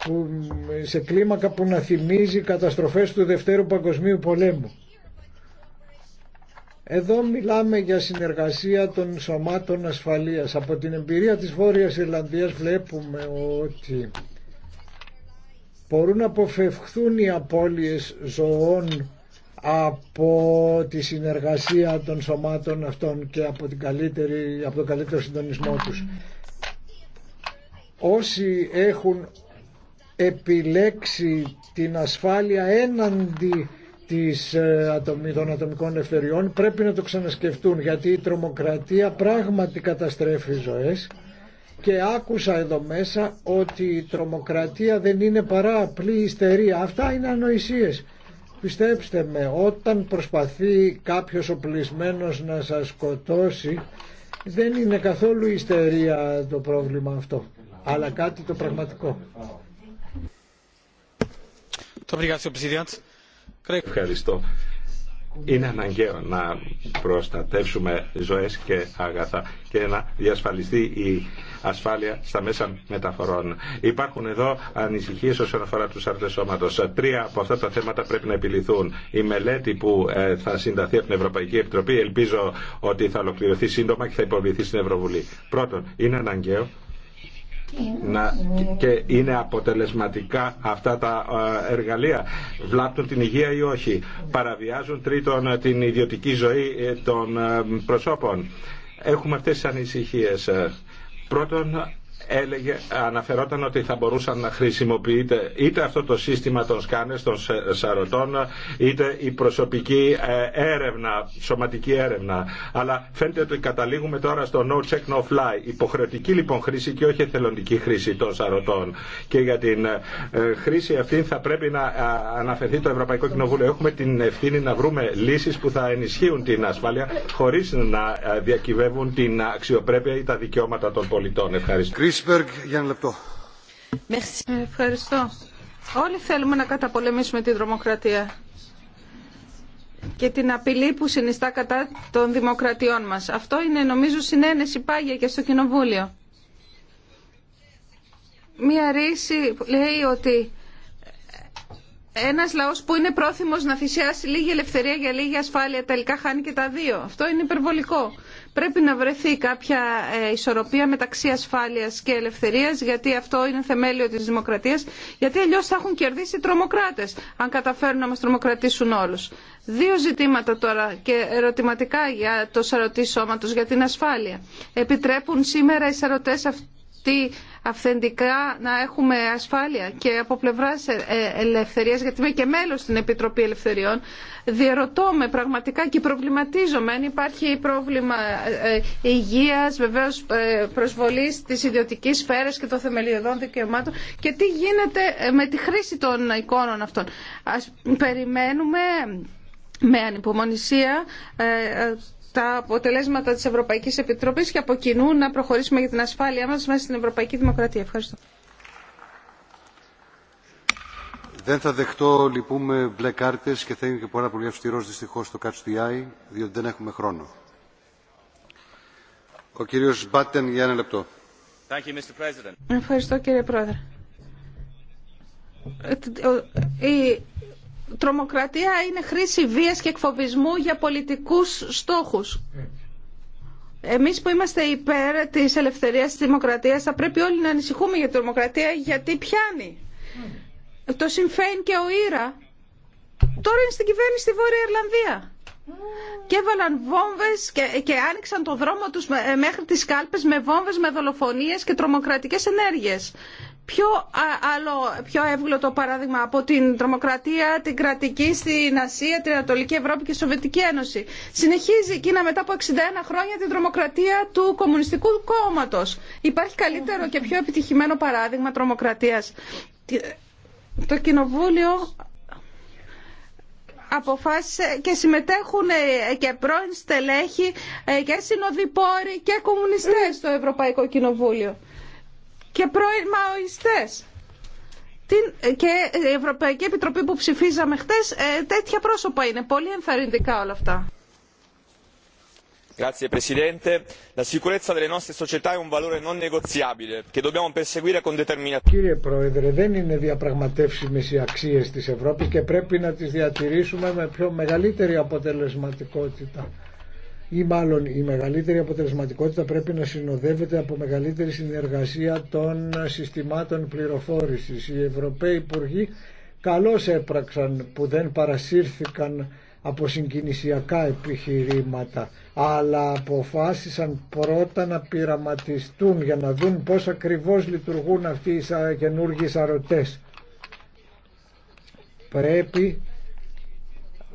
που, σε κλίμακα που να θυμίζει καταστροφές του Δευτέρου Παγκοσμίου Πολέμου. Εδώ μιλάμε για συνεργασία των σωμάτων ασφαλείας. Από την εμπειρία της Βόρειας Ιρλανδίας βλέπουμε ότι μπορούν να αποφευχθούν οι απώλειες ζωών από τη συνεργασία των σωμάτων αυτών και από, την καλύτερη, από τον καλύτερο συντονισμό τους. Όσοι έχουν επιλέξει την ασφάλεια έναντι της, ε, των ατομικών ευθεριών πρέπει να το ξανασκεφτούν γιατί η τρομοκρατία πράγματι καταστρέφει ζωές και άκουσα εδώ μέσα ότι η τρομοκρατία δεν είναι παρά απλή ιστερία. Αυτά είναι ανοησίες. Πιστέψτε με, όταν προσπαθεί κάποιος οπλισμένος να σας σκοτώσει δεν είναι καθόλου ιστερία το πρόβλημα αυτό, αλλά κάτι το πραγματικό. Ευχαριστώ. Είναι αναγκαίο να προστατεύσουμε ζωές και αγαθά και να διασφαλιστεί η ασφάλεια στα μέσα μεταφορών. Υπάρχουν εδώ ανησυχίες όσον αφορά του άρτε σώματος. Τρία από αυτά τα θέματα πρέπει να επιληθούν. Η μελέτη που ε, θα συνταθεί από την Ευρωπαϊκή Επιτροπή ελπίζω ότι θα ολοκληρωθεί σύντομα και θα υποβληθεί στην Ευρωβουλή. Πρώτον, είναι αναγκαίο και είναι αποτελεσματικά αυτά τα εργαλεία βλάπτουν την υγεία ή όχι παραβιάζουν τρίτον ε, την ιδιωτική ζωή ε, των ε, προσώπων έχουμε αυτές τις ανησυχίες πρώτον έλεγε, αναφερόταν ότι θα μπορούσαν να χρησιμοποιείται είτε αυτό το σύστημα των σκάνες των σαρωτών είτε η προσωπική ε, έρευνα, σωματική έρευνα. Αλλά φαίνεται ότι καταλήγουμε τώρα στο no check no fly. Υποχρεωτική λοιπόν χρήση και όχι εθελοντική χρήση των σαρωτών. Και για την ε, χρήση αυτή θα πρέπει να ε, αναφερθεί το Ευρωπαϊκό Κοινοβούλιο. Έχουμε την ευθύνη να βρούμε λύσεις που θα ενισχύουν την ασφάλεια χωρίς να διακυβεύουν την αξιοπρέπεια ή τα δικαιώματα των πολιτών. Ευχαριστώ. Ευχαριστώ. Όλοι θέλουμε να καταπολεμήσουμε τη δρομοκρατία και την απειλή που συνιστά κατά των δημοκρατιών μας. Αυτό είναι νομίζω συνένεση πάγια και στο Κοινοβούλιο. Μία ρίση λέει ότι ένας λαός που είναι πρόθυμος να θυσιάσει λίγη ελευθερία για λίγη ασφάλεια τελικά χάνει και τα δύο. Αυτό είναι υπερβολικό. Πρέπει να βρεθεί κάποια ε, ισορροπία μεταξύ ασφάλειας και ελευθερίας, γιατί αυτό είναι θεμέλιο της δημοκρατίας, γιατί αλλιώς θα έχουν κερδίσει οι τρομοκράτες, αν καταφέρουν να μας τρομοκρατήσουν όλους. Δύο ζητήματα τώρα και ερωτηματικά για το σαρωτή σώματος, για την ασφάλεια. Επιτρέπουν σήμερα οι σαρωτές αυτή αυθεντικά να έχουμε ασφάλεια και από πλευράς ε, ε, ελευθερίας, γιατί είμαι και μέλος στην Επιτροπή Ελευθεριών, διαρωτώ με πραγματικά και προβληματίζομαι αν υπάρχει πρόβλημα ε, υγείας, βεβαίως προσβολής της ιδιωτικής σφαίρας και των θεμελιωδών δικαιωμάτων και τι γίνεται με τη χρήση των εικόνων αυτών. Ας περιμένουμε με ανυπομονησία τα αποτελέσματα της Ευρωπαϊκής Επιτροπής και από κοινού να προχωρήσουμε για την ασφάλειά μας μέσα στην Ευρωπαϊκή Δημοκρατία. Ευχαριστώ. Δεν θα δεχτώ λυπούμε μπλε κάρτες και θα είμαι και πάρα πολύ αυστηρό δυστυχώς στο Catch διότι δεν έχουμε χρόνο. Ο κύριος Μπάτεν για ένα λεπτό. Ευχαριστώ κύριε Πρόεδρε. Ε, τρομοκρατία είναι χρήση βίας και εκφοβισμού για πολιτικούς στόχους. Εμείς που είμαστε υπέρ της ελευθερίας της δημοκρατίας θα πρέπει όλοι να ανησυχούμε για τη τρομοκρατία γιατί πιάνει. Το Συμφέιν και ο Ήρα τώρα είναι στην κυβέρνηση στη Βόρεια Ιρλανδία. Και έβαλαν βόμβες και, και άνοιξαν το δρόμο τους μέχρι τις κάλπες με βόμβες, με δολοφονίες και τρομοκρατικές ενέργειες πιο άλλο, πιο εύγλωτο παράδειγμα από την τρομοκρατία, την κρατική στην Ασία, την Ανατολική Ευρώπη και Σοβιετική Ένωση. Συνεχίζει η Κίνα μετά από 61 χρόνια την τρομοκρατία του Κομμουνιστικού Κόμματο. Υπάρχει καλύτερο και πιο επιτυχημένο παράδειγμα τρομοκρατία. Το Κοινοβούλιο αποφάσισε και συμμετέχουν ε, και πρώην στελέχη ε, και συνοδοιπόροι και κομμουνιστές στο Ευρωπαϊκό Κοινοβούλιο και πρώην μαοϊστές. Και η Ευρωπαϊκή Επιτροπή που ψηφίζαμε χτες, ε, τέτοια πρόσωπα είναι. Πολύ ενθαρρυντικά όλα αυτά. Grazie Presidente. La sicurezza delle nostre società è un valore non negoziabile che dobbiamo perseguire con determinazione. Κύριε Πρόεδρε, δεν είναι διαπραγματεύσιμε οι αξίε τη Ευρώπη και πρέπει να τι διατηρήσουμε με πιο μεγαλύτερη αποτελεσματικότητα ή μάλλον η μεγαλύτερη αποτελεσματικότητα πρέπει να συνοδεύεται από μεγαλύτερη συνεργασία των συστημάτων πληροφόρησης. Οι Ευρωπαίοι Υπουργοί καλώς έπραξαν που δεν παρασύρθηκαν από συγκινησιακά επιχειρήματα αλλά αποφάσισαν πρώτα να πειραματιστούν για να δουν πώς ακριβώς λειτουργούν αυτοί οι καινούργιοι σαρωτές. Πρέπει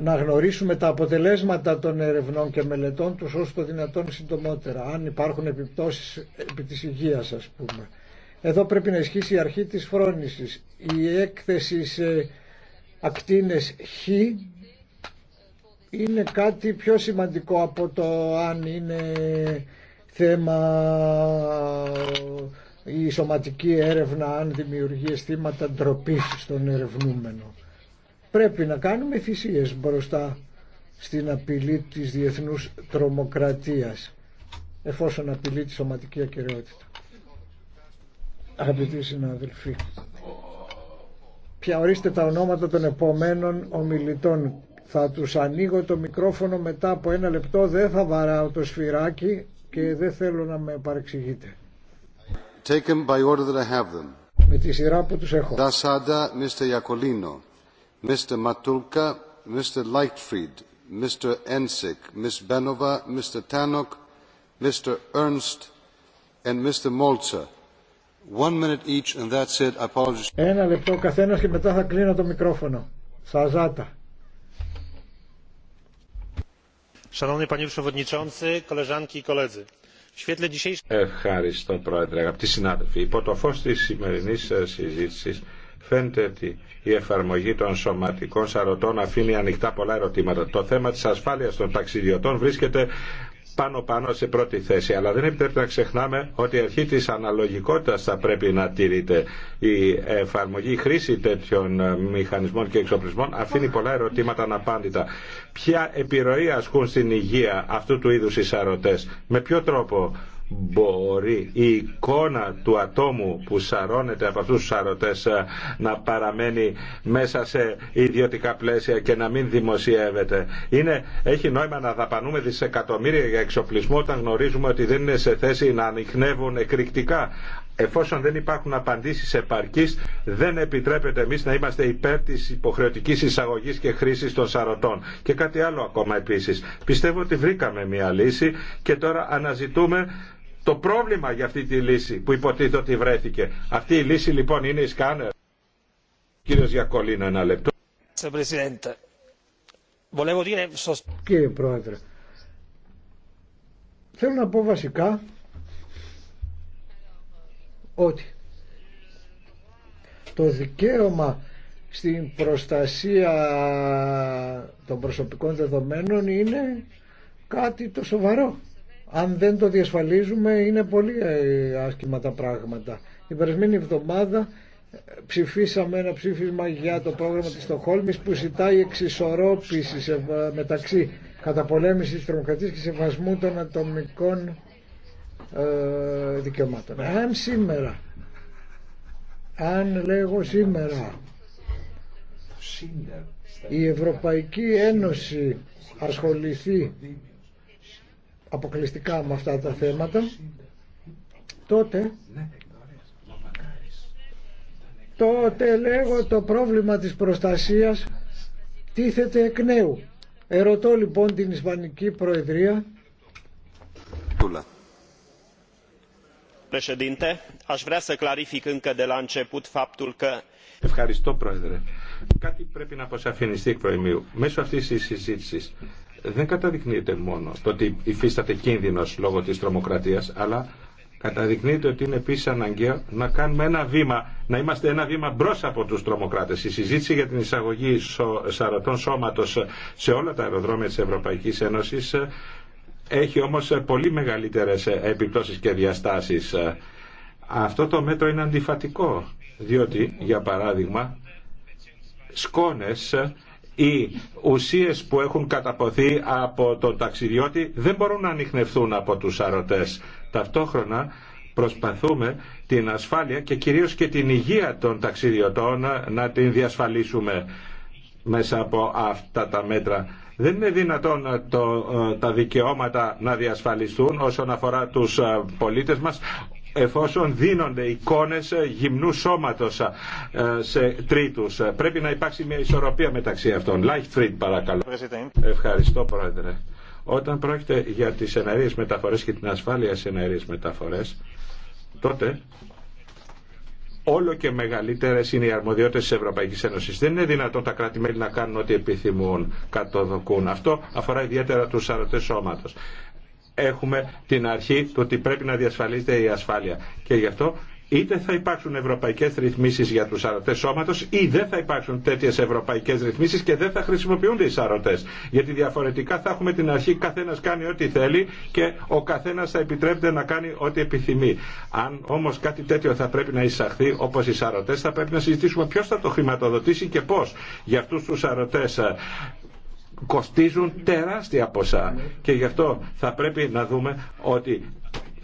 να γνωρίσουμε τα αποτελέσματα των ερευνών και μελετών τους όσο το δυνατόν συντομότερα, αν υπάρχουν επιπτώσεις επί της υγείας ας πούμε. Εδώ πρέπει να ισχύσει η αρχή της φρόνησης. Η έκθεση σε ακτίνες Χ είναι κάτι πιο σημαντικό από το αν είναι θέμα η σωματική έρευνα, αν δημιουργεί αισθήματα ντροπή στον ερευνούμενο. Πρέπει να κάνουμε θυσίες μπροστά στην απειλή της διεθνούς τρομοκρατίας εφόσον απειλεί τη σωματική ακαιρεότητα. Αγαπητοί συναδελφοί, πια ορίστε τα ονόματα των επομένων ομιλητών. Θα τους ανοίγω το μικρόφωνο μετά από ένα λεπτό, δεν θα βαράω το σφυράκι και δεν θέλω να με παρεξηγείτε. Με τη σειρά που τους έχω. Mr. Matulka, Mr. Lightfried, Mr. Ensik, Ms. Benova, Mr. Tannock, Mr. Ernst, and Mr. Molzer. One minute each, and that's it. Apologies. Ένα λεπτό καθένας και μετά θα κλείνω το μικρόφωνο. Σαζάτα. Szanowny panie przewodniczący, koleżanki i koledzy. Ευχαριστώ, Πρόεδρε, αγαπητοί συνάδελφοι. Υπό το φως της σημερινής συζήτησης, Φαίνεται ότι η εφαρμογή των σωματικών σαρωτών αφήνει ανοιχτά πολλά ερωτήματα. Το θέμα της ασφάλειας των ταξιδιωτών βρίσκεται πάνω-πάνω σε πρώτη θέση. Αλλά δεν επιτρέπει να ξεχνάμε ότι η αρχή της αναλογικότητας θα πρέπει να τηρείται. Η εφαρμογή, η χρήση τέτοιων ε, μηχανισμών και εξοπλισμών αφήνει πολλά ερωτήματα αναπάντητα. Ποια επιρροή ασκούν στην υγεία αυτού του είδους οι σαρωτές. Με ποιο τρόπο μπορεί η εικόνα του ατόμου που σαρώνεται από αυτούς τους σαρωτές ε, να παραμένει μέσα σε ιδιωτικά πλαίσια και να μην δημοσιεύεται. Είναι, έχει νόημα να δαπανούμε δισεκατομμύρια για εξοπλισμό όταν γνωρίζουμε ότι δεν είναι σε θέση να ανοιχνεύουν εκρηκτικά. Εφόσον δεν υπάρχουν απαντήσει επαρκή, δεν επιτρέπεται εμεί να είμαστε υπέρ τη υποχρεωτική εισαγωγή και χρήση των σαρωτών. Και κάτι άλλο ακόμα επίση. Πιστεύω ότι βρήκαμε μια λύση και τώρα αναζητούμε το πρόβλημα για αυτή τη λύση που υποτίθεται ότι βρέθηκε. Αυτή η λύση λοιπόν είναι η σκάνερ. Κύριος Γιακολίνο, ένα λεπτό. Κύριε Πρόεδρε, θέλω να πω βασικά ότι το δικαίωμα στην προστασία των προσωπικών δεδομένων είναι κάτι το σοβαρό αν δεν το διασφαλίζουμε είναι πολύ ε, άσχημα τα πράγματα. Η περασμένη εβδομάδα ε, ψηφίσαμε ένα ψήφισμα για το πρόγραμμα της Στοχόλμης που ζητάει εξισορρόπηση ε, μεταξύ καταπολέμησης της τρομοκρατίας και σεβασμού των ατομικών δικαιωμάτων. Αν σήμερα, αν λέγω σήμερα, η Ευρωπαϊκή Ένωση ασχοληθεί αποκλειστικά με αυτά τα θέματα, τότε τότε λέγω το πρόβλημα της προστασίας τίθεται εκ νέου. Ερωτώ λοιπόν την Ισπανική Προεδρία. Ευχαριστώ Πρόεδρε. Κάτι πρέπει να αποσαφινιστεί εκ προημίου. Μέσω αυτής της συζήτησης δεν καταδεικνύεται μόνο το ότι υφίσταται κίνδυνος λόγω της τρομοκρατίας, αλλά καταδεικνύεται ότι είναι επίση αναγκαίο να κάνουμε ένα βήμα, να είμαστε ένα βήμα μπρο από του τρομοκράτε. Η συζήτηση για την εισαγωγή σαρωτών σώματο σε όλα τα αεροδρόμια τη Ευρωπαϊκή Ένωση έχει όμω πολύ μεγαλύτερε επιπτώσει και διαστάσει. Αυτό το μέτρο είναι αντιφατικό, διότι, για παράδειγμα, σκόνες οι ουσίες που έχουν καταποθεί από τον ταξιδιώτη δεν μπορούν να ανοιχνευθούν από τους αρωτές. Ταυτόχρονα προσπαθούμε την ασφάλεια και κυρίως και την υγεία των ταξιδιωτών να την διασφαλίσουμε μέσα από αυτά τα μέτρα. Δεν είναι δυνατόν ε, το, ε, τα δικαιώματα να διασφαλιστούν όσον αφορά τους ε, πολίτες μας εφόσον δίνονται εικόνες γυμνού σώματος ε, σε τρίτους. Πρέπει να υπάρξει μια ισορροπία μεταξύ αυτών. Λάιχτφριντ παρακαλώ. Ευχαριστώ Πρόεδρε. Όταν πρόκειται για τις εναερίες μεταφορές και την ασφάλεια σε εναερίες μεταφορές, τότε όλο και μεγαλύτερες είναι οι αρμοδιότητες της Ευρωπαϊκής Ένωσης. Δεν είναι δυνατόν τα κράτη-μέλη να κάνουν ό,τι επιθυμούν, κατοδοκούν. Αυτό αφορά ιδιαίτερα τους σώματος έχουμε την αρχή του ότι πρέπει να διασφαλίζεται η ασφάλεια. Και γι' αυτό είτε θα υπάρξουν ευρωπαϊκέ ρυθμίσει για του σαρωτέ σώματο, ή δεν θα υπάρξουν τέτοιε ευρωπαϊκέ ρυθμίσει και δεν θα χρησιμοποιούνται οι σαρωτέ. Γιατί διαφορετικά θα έχουμε την αρχή καθένα κάνει ό,τι θέλει και ο καθένα θα επιτρέπεται να κάνει ό,τι επιθυμεί. Αν όμω κάτι τέτοιο θα πρέπει να εισαχθεί, όπω οι σαρωτέ, θα πρέπει να συζητήσουμε ποιο θα το χρηματοδοτήσει και πώ. Για αυτού του κοστίζουν τεράστια ποσά και γι' αυτό θα πρέπει να δούμε ότι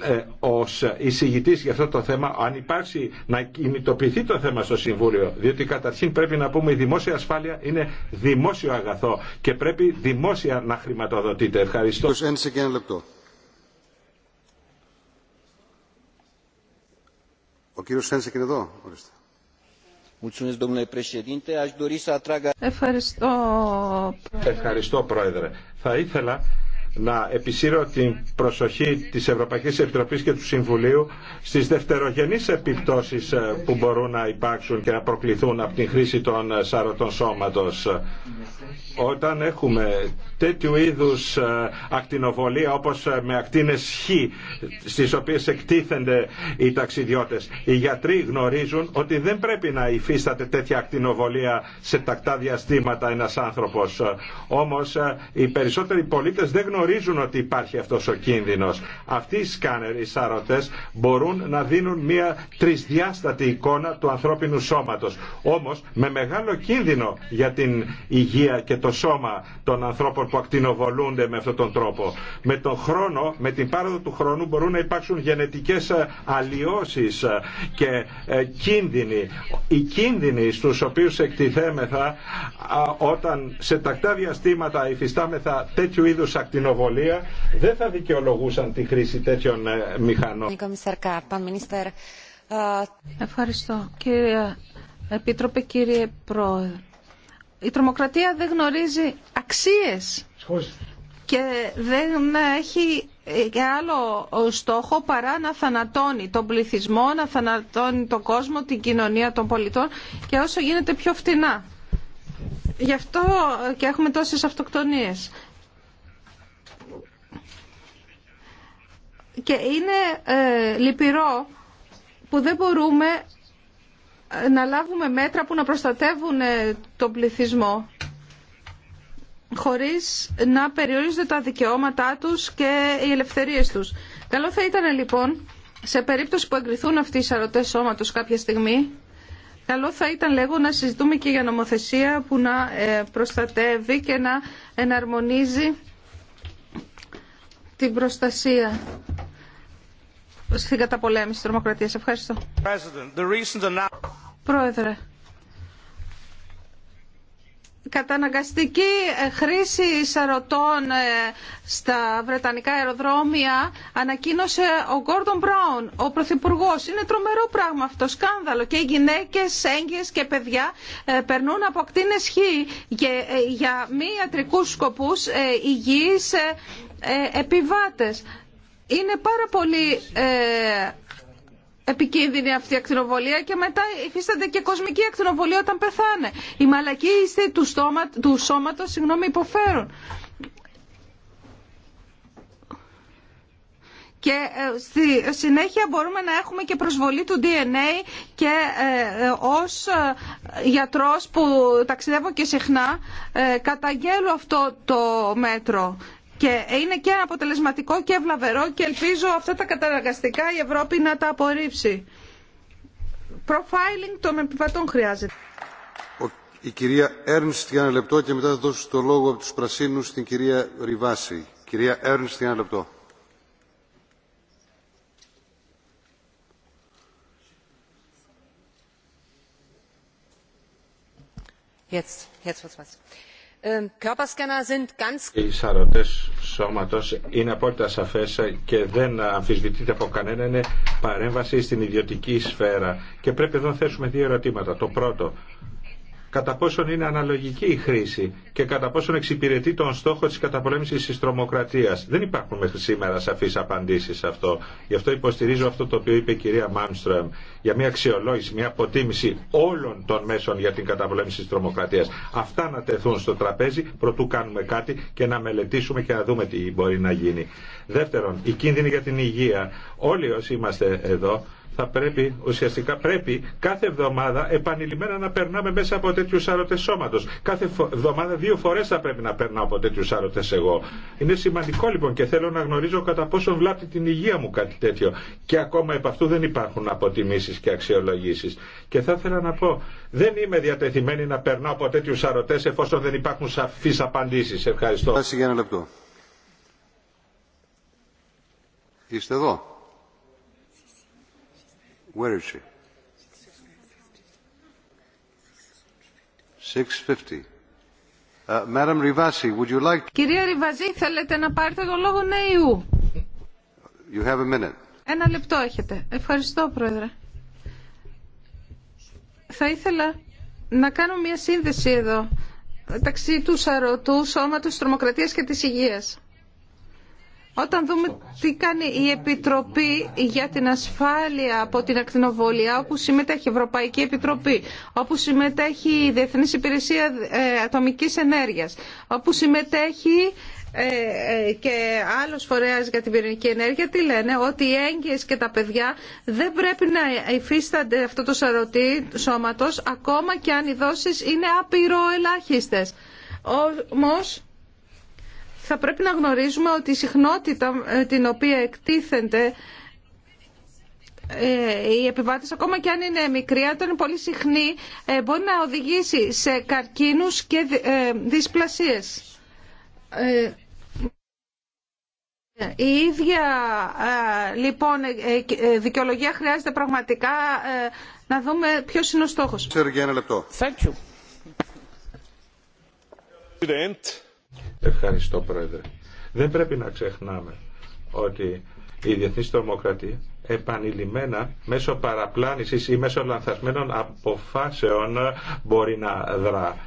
ε, ως εισηγητής για αυτό το θέμα αν υπάρξει να κινητοποιηθεί το θέμα στο Συμβούλιο διότι καταρχήν πρέπει να πούμε η δημόσια ασφάλεια είναι δημόσιο αγαθό και πρέπει δημόσια να χρηματοδοτείται. Ευχαριστώ. Ο κύριος είναι εδώ. Ορίστε. Ευχαριστώ. Ευχαριστώ, Πρόεδρε. Θα ήθελα να επισύρω την προσοχή της Ευρωπαϊκής Επιτροπής και του Συμβουλίου στις δευτερογενείς επιπτώσεις ε, που μπορούν να υπάρξουν και να προκληθούν από την χρήση των σαρωτών σώματος. Όταν έχουμε τέτοιου είδους ε, ακτινοβολία όπως ε, με ακτίνες Χ στις οποίες εκτίθενται οι ταξιδιώτες, οι γιατροί γνωρίζουν ότι δεν πρέπει να υφίσταται τέτοια ακτινοβολία σε τακτά διαστήματα ένας άνθρωπος. Όμως οι περισσότεροι δεν γνωρίζουν ότι υπάρχει αυτός ο κίνδυνος. Αυτοί οι σκάνερ, οι σαρωτές μπορούν να δίνουν μια τρισδιάστατη εικόνα του ανθρώπινου σώματος. Όμως με μεγάλο κίνδυνο για την υγεία και το σώμα των ανθρώπων που ακτινοβολούνται με αυτόν τον τρόπο. Με τον χρόνο, με την πάροδο του χρόνου μπορούν να υπάρξουν γενετικές ε, αλλοιώσεις ε, και ε, κίνδυνοι. Οι κίνδυνοι στους οποίους εκτιθέμεθα όταν σε τακτά διαστήματα υφιστάμεθα τέτοιου είδους ακτινοβολία δεν θα δικαιολογούσαν τη χρήση τέτοιων ε, μηχανών. Ε, Ευχαριστώ. Κύριε Επίτροπε, κύριε Πρόεδρε. Η τρομοκρατία δεν γνωρίζει αξίες και δεν έχει ε, και άλλο στόχο παρά να θανατώνει τον πληθυσμό, να θανατώνει τον κόσμο, την κοινωνία των πολιτών και όσο γίνεται πιο φτηνά. Γι' αυτό και έχουμε τόσες αυτοκτονίες. Και είναι ε, λυπηρό που δεν μπορούμε ε, να λάβουμε μέτρα που να προστατεύουν ε, τον πληθυσμό χωρίς να περιορίζονται τα δικαιώματά τους και οι ελευθερίες τους. Καλό θα ήταν λοιπόν, σε περίπτωση που εγκριθούν αυτοί οι σαρωτές σώματος κάποια στιγμή, καλό θα ήταν λέγω να συζητούμε και για νομοθεσία που να ε, προστατεύει και να εναρμονίζει την προστασία στην καταπολέμηση της τρομοκρατίας. Ευχαριστώ. Πρόεδρε, καταναγκαστική ε, χρήση σαρωτών ε, στα Βρετανικά αεροδρόμια ανακοίνωσε ο Γκόρντον Μπράουν, ο Πρωθυπουργό. Είναι τρομερό πράγμα αυτό, σκάνδαλο. Και οι γυναίκε, έγκυε και παιδιά ε, περνούν από ακτίνε χ για μη ιατρικού σκοπού υγιεί επιβάτες. Είναι πάρα πολύ ε, επικίνδυνη αυτή η ακτινοβολία και μετά υφίστανται και κοσμική ακτινοβολία όταν πεθάνε. Οι μαλακοί του, στόμα, του σώματος συγγνώμη, υποφέρουν. Και ε, στη συνέχεια μπορούμε να έχουμε και προσβολή του DNA και ε, ως γιατρός που ταξιδεύω και συχνά καταγγέλω αυτό το μέτρο. Και είναι και αποτελεσματικό και ευλαβερό και ελπίζω αυτά τα καταναγκαστικά η Ευρώπη να τα απορρίψει. Προφάιλινγκ των επιβατών χρειάζεται. Η κυρία Έρνστ για ένα λεπτό και μετά θα δώσω το λόγο από τους Πρασίνους στην κυρία Ριβάση. Κυρία Έρνστ για ένα λεπτό. Jetzt, jetzt Ähm, Οι σαρωτέ σώματο είναι απόλυτα σαφέ και δεν αμφισβητείται από κανένα. Είναι παρέμβαση στην ιδιωτική σφαίρα. Και πρέπει εδώ να θέσουμε δύο ερωτήματα. Το πρώτο, κατά πόσον είναι αναλογική η χρήση και κατά πόσον εξυπηρετεί τον στόχο της καταπολέμησης της τρομοκρατίας. Δεν υπάρχουν μέχρι σήμερα σαφείς απαντήσεις σε αυτό. Γι' αυτό υποστηρίζω αυτό το οποίο είπε η κυρία Μάμστρομ για μια αξιολόγηση, μια αποτίμηση όλων των μέσων για την καταπολέμηση της τρομοκρατίας. Αυτά να τεθούν στο τραπέζι προτού κάνουμε κάτι και να μελετήσουμε και να δούμε τι μπορεί να γίνει. Δεύτερον, η κίνδυνη για την υγεία. Όλοι όσοι είμαστε εδώ θα πρέπει, ουσιαστικά πρέπει κάθε εβδομάδα επανειλημμένα να περνάμε μέσα από τέτοιου άρωτε σώματο. Κάθε εβδομάδα δύο φορέ θα πρέπει να περνάω από τέτοιου άρωτε εγώ. Είναι σημαντικό λοιπόν και θέλω να γνωρίζω κατά πόσο βλάπτει την υγεία μου κάτι τέτοιο. Και ακόμα επ' αυτού δεν υπάρχουν αποτιμήσει και αξιολογήσει. Και θα ήθελα να πω, δεν είμαι διατεθειμένη να περνάω από τέτοιου άρωτε εφόσον δεν υπάρχουν σαφεί απαντήσει. Ευχαριστώ. Είστε εδώ. Uh, Κυρία Ριβαζή, θέλετε να πάρετε το λόγο Νέου. Ναι, Ένα λεπτό έχετε. Ευχαριστώ, Πρόεδρε. Θα ήθελα να κάνω μια σύνδεση εδώ μεταξύ του σαρωτού σώματος τρομοκρατίας και της υγείας. Όταν δούμε τι κάνει η Επιτροπή για την Ασφάλεια από την Ακτινοβολία, όπου συμμετέχει η Ευρωπαϊκή Επιτροπή, όπου συμμετέχει η Διεθνής Υπηρεσία ε, Ατομικής Ενέργειας, όπου συμμετέχει ε, ε, και άλλος φορέας για την πυρηνική ενέργεια τι λένε ότι οι έγκυες και τα παιδιά δεν πρέπει να υφίστανται αυτό το σαρωτή σώματος ακόμα και αν οι δόσεις είναι απειροελάχιστες. Όμως θα πρέπει να γνωρίζουμε ότι η συχνότητα ε, την οποία εκτίθενται ε, οι επιβάτες, ακόμα και αν είναι μικρή, αν είναι πολύ συχνή, ε, μπορεί να οδηγήσει σε καρκίνους και δυσπλασίες. Η ίδια λοιπόν δικαιολογία χρειάζεται πραγματικά να δούμε ποιος είναι ο στόχος. Thank you. Ευχαριστώ Πρόεδρε. Δεν πρέπει να ξεχνάμε ότι η Διεθνή τρομοκρατία επανειλημμένα μέσω παραπλάνησης ή μέσω λανθασμένων αποφάσεων μπορεί να δρά.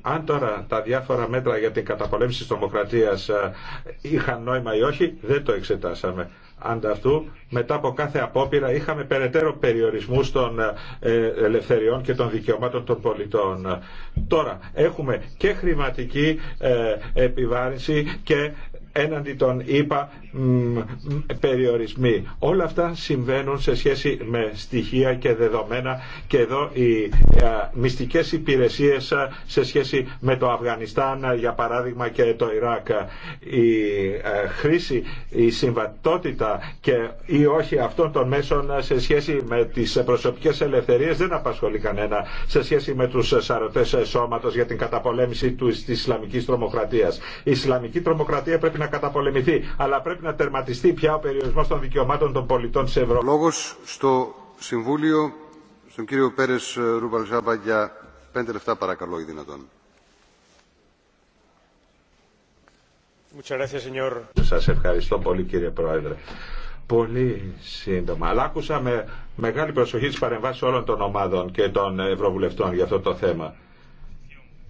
Αν τώρα τα διάφορα μέτρα για την καταπολέμηση της τρομοκρατίας ε, είχαν νόημα ή όχι, δεν το εξετάσαμε. Ανταυτού, μετά από κάθε απόπειρα είχαμε περαιτέρω περιορισμού των ε, ε, ελευθεριών και των δικαιωμάτων των πολιτών. Τώρα έχουμε και χρηματική ε, επιβάρυνση και έναντι των ΗΠΑ περιορισμοί. Όλα αυτά συμβαίνουν σε σχέση με στοιχεία και δεδομένα και εδώ οι μυστικές υπηρεσίες σε σχέση με το Αφγανιστάν για παράδειγμα και το Ιράκ. Η χρήση, η συμβατότητα και ή όχι αυτών των μέσων σε σχέση με τις προσωπικές ελευθερίες δεν απασχολεί κανένα σε σχέση με τους σαρωτές σώματος για την καταπολέμηση της Ισλαμικής τρομοκρατίας. Η Ισλαμική τρομοκρατία πρέπει να καταπολεμηθεί αλλά πρέπει πρέπει να τερματιστεί πια ο περιορισμός των δικαιωμάτων των πολιτών της Ευρώπης. Λόγος στο Συμβούλιο, στον κύριο Πέρες ε, Ρουμπαλζάμπα για πέντε λεπτά παρακαλώ ή δυνατόν. Σας ευχαριστώ πολύ κύριε Πρόεδρε. Πολύ σύντομα. Αλλά άκουσα με μεγάλη προσοχή τις παρεμβάσεις όλων των ομάδων και των Ευρωβουλευτών για αυτό το θέμα.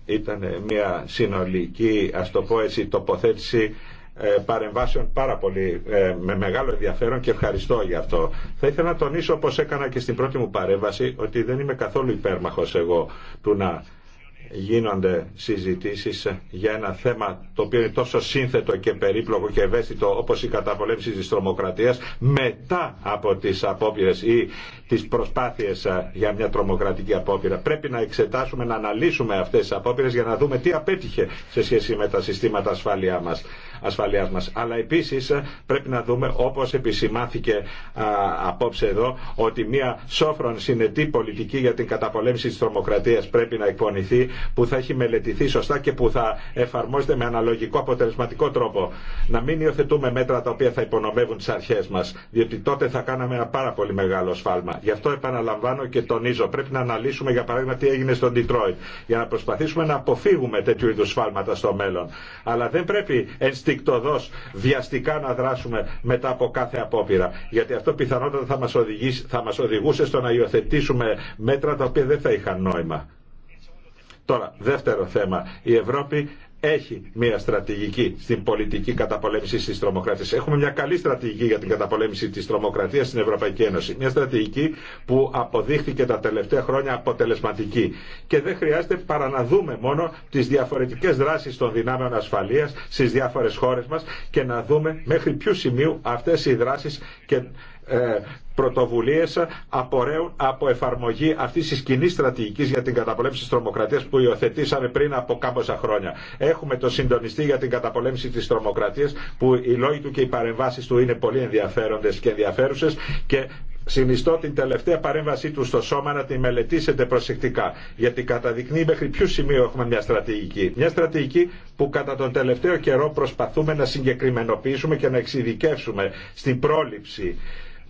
Ήταν μια συνολική, ας το πω έτσι, τοποθέτηση ε, παρεμβάσεων πάρα πολύ ε, με μεγάλο ενδιαφέρον και ευχαριστώ για αυτό. Θα ήθελα να τονίσω όπως έκανα και στην πρώτη μου παρέμβαση ότι δεν είμαι καθόλου υπέρμαχος εγώ του να γίνονται συζητήσεις για ένα θέμα το οποίο είναι τόσο σύνθετο και περίπλοκο και ευαίσθητο όπως η καταπολέμηση της τρομοκρατίας μετά από τις απόπειρες ή τις προσπάθειες για μια τρομοκρατική απόπειρα. Πρέπει να εξετάσουμε, να αναλύσουμε αυτές τις απόπειρες για να δούμε τι απέτυχε σε σχέση με τα συστήματα ασφαλεία μας. Αλλά επίση ε, πρέπει να δούμε όπω επισημάθηκε ε, απόψε εδώ ότι μια σόφρον συνετή πολιτική για την καταπολέμηση τη τρομοκρατία πρέπει να εκπονηθεί που θα έχει μελετηθεί σωστά και που θα εφαρμόζεται με αναλογικό αποτελεσματικό τρόπο. Να μην υιοθετούμε μέτρα τα οποία θα υπονομεύουν τι αρχέ μα, διότι τότε θα κάναμε ένα πάρα πολύ μεγάλο σφάλμα. Γι' αυτό επαναλαμβάνω και τονίζω πρέπει να αναλύσουμε για παράδειγμα τι έγινε στον Detroit για να προσπαθήσουμε να αποφύγουμε τέτοιου είδου σφάλματα στο μέλλον. Αλλά δεν πρέπει στικτοδός βιαστικά να δράσουμε μετά από κάθε απόπειρα. Γιατί αυτό πιθανότατα θα μας, οδηγήσει, θα μας οδηγούσε στο να υιοθετήσουμε μέτρα τα οποία δεν θα είχαν νόημα. Τώρα, δεύτερο θέμα. Η Ευρώπη έχει μια στρατηγική στην πολιτική καταπολέμηση τη τρομοκρατία. Έχουμε μια καλή στρατηγική για την καταπολέμηση τη τρομοκρατία στην Ευρωπαϊκή Ένωση. Μια στρατηγική που αποδείχθηκε τα τελευταία χρόνια αποτελεσματική. Και δεν χρειάζεται παρά να δούμε μόνο τι διαφορετικέ δράσει των δυνάμεων ασφαλεία στι διάφορε χώρε μα και να δούμε μέχρι ποιου σημείου αυτέ οι δράσει πρωτοβουλίε απορρέουν από εφαρμογή αυτή τη κοινή στρατηγική για την καταπολέμηση τη τρομοκρατία που υιοθετήσαμε πριν από κάμποσα χρόνια. Έχουμε το συντονιστή για την καταπολέμηση τη τρομοκρατία που οι λόγοι του και οι παρεμβάσει του είναι πολύ ενδιαφέροντε και ενδιαφέρουσε και Συνιστώ την τελευταία παρέμβασή του στο σώμα να τη μελετήσετε προσεκτικά, γιατί καταδεικνύει μέχρι ποιο σημείο έχουμε μια στρατηγική. Μια στρατηγική που κατά τον τελευταίο καιρό προσπαθούμε να συγκεκριμενοποιήσουμε και να εξειδικεύσουμε στην πρόληψη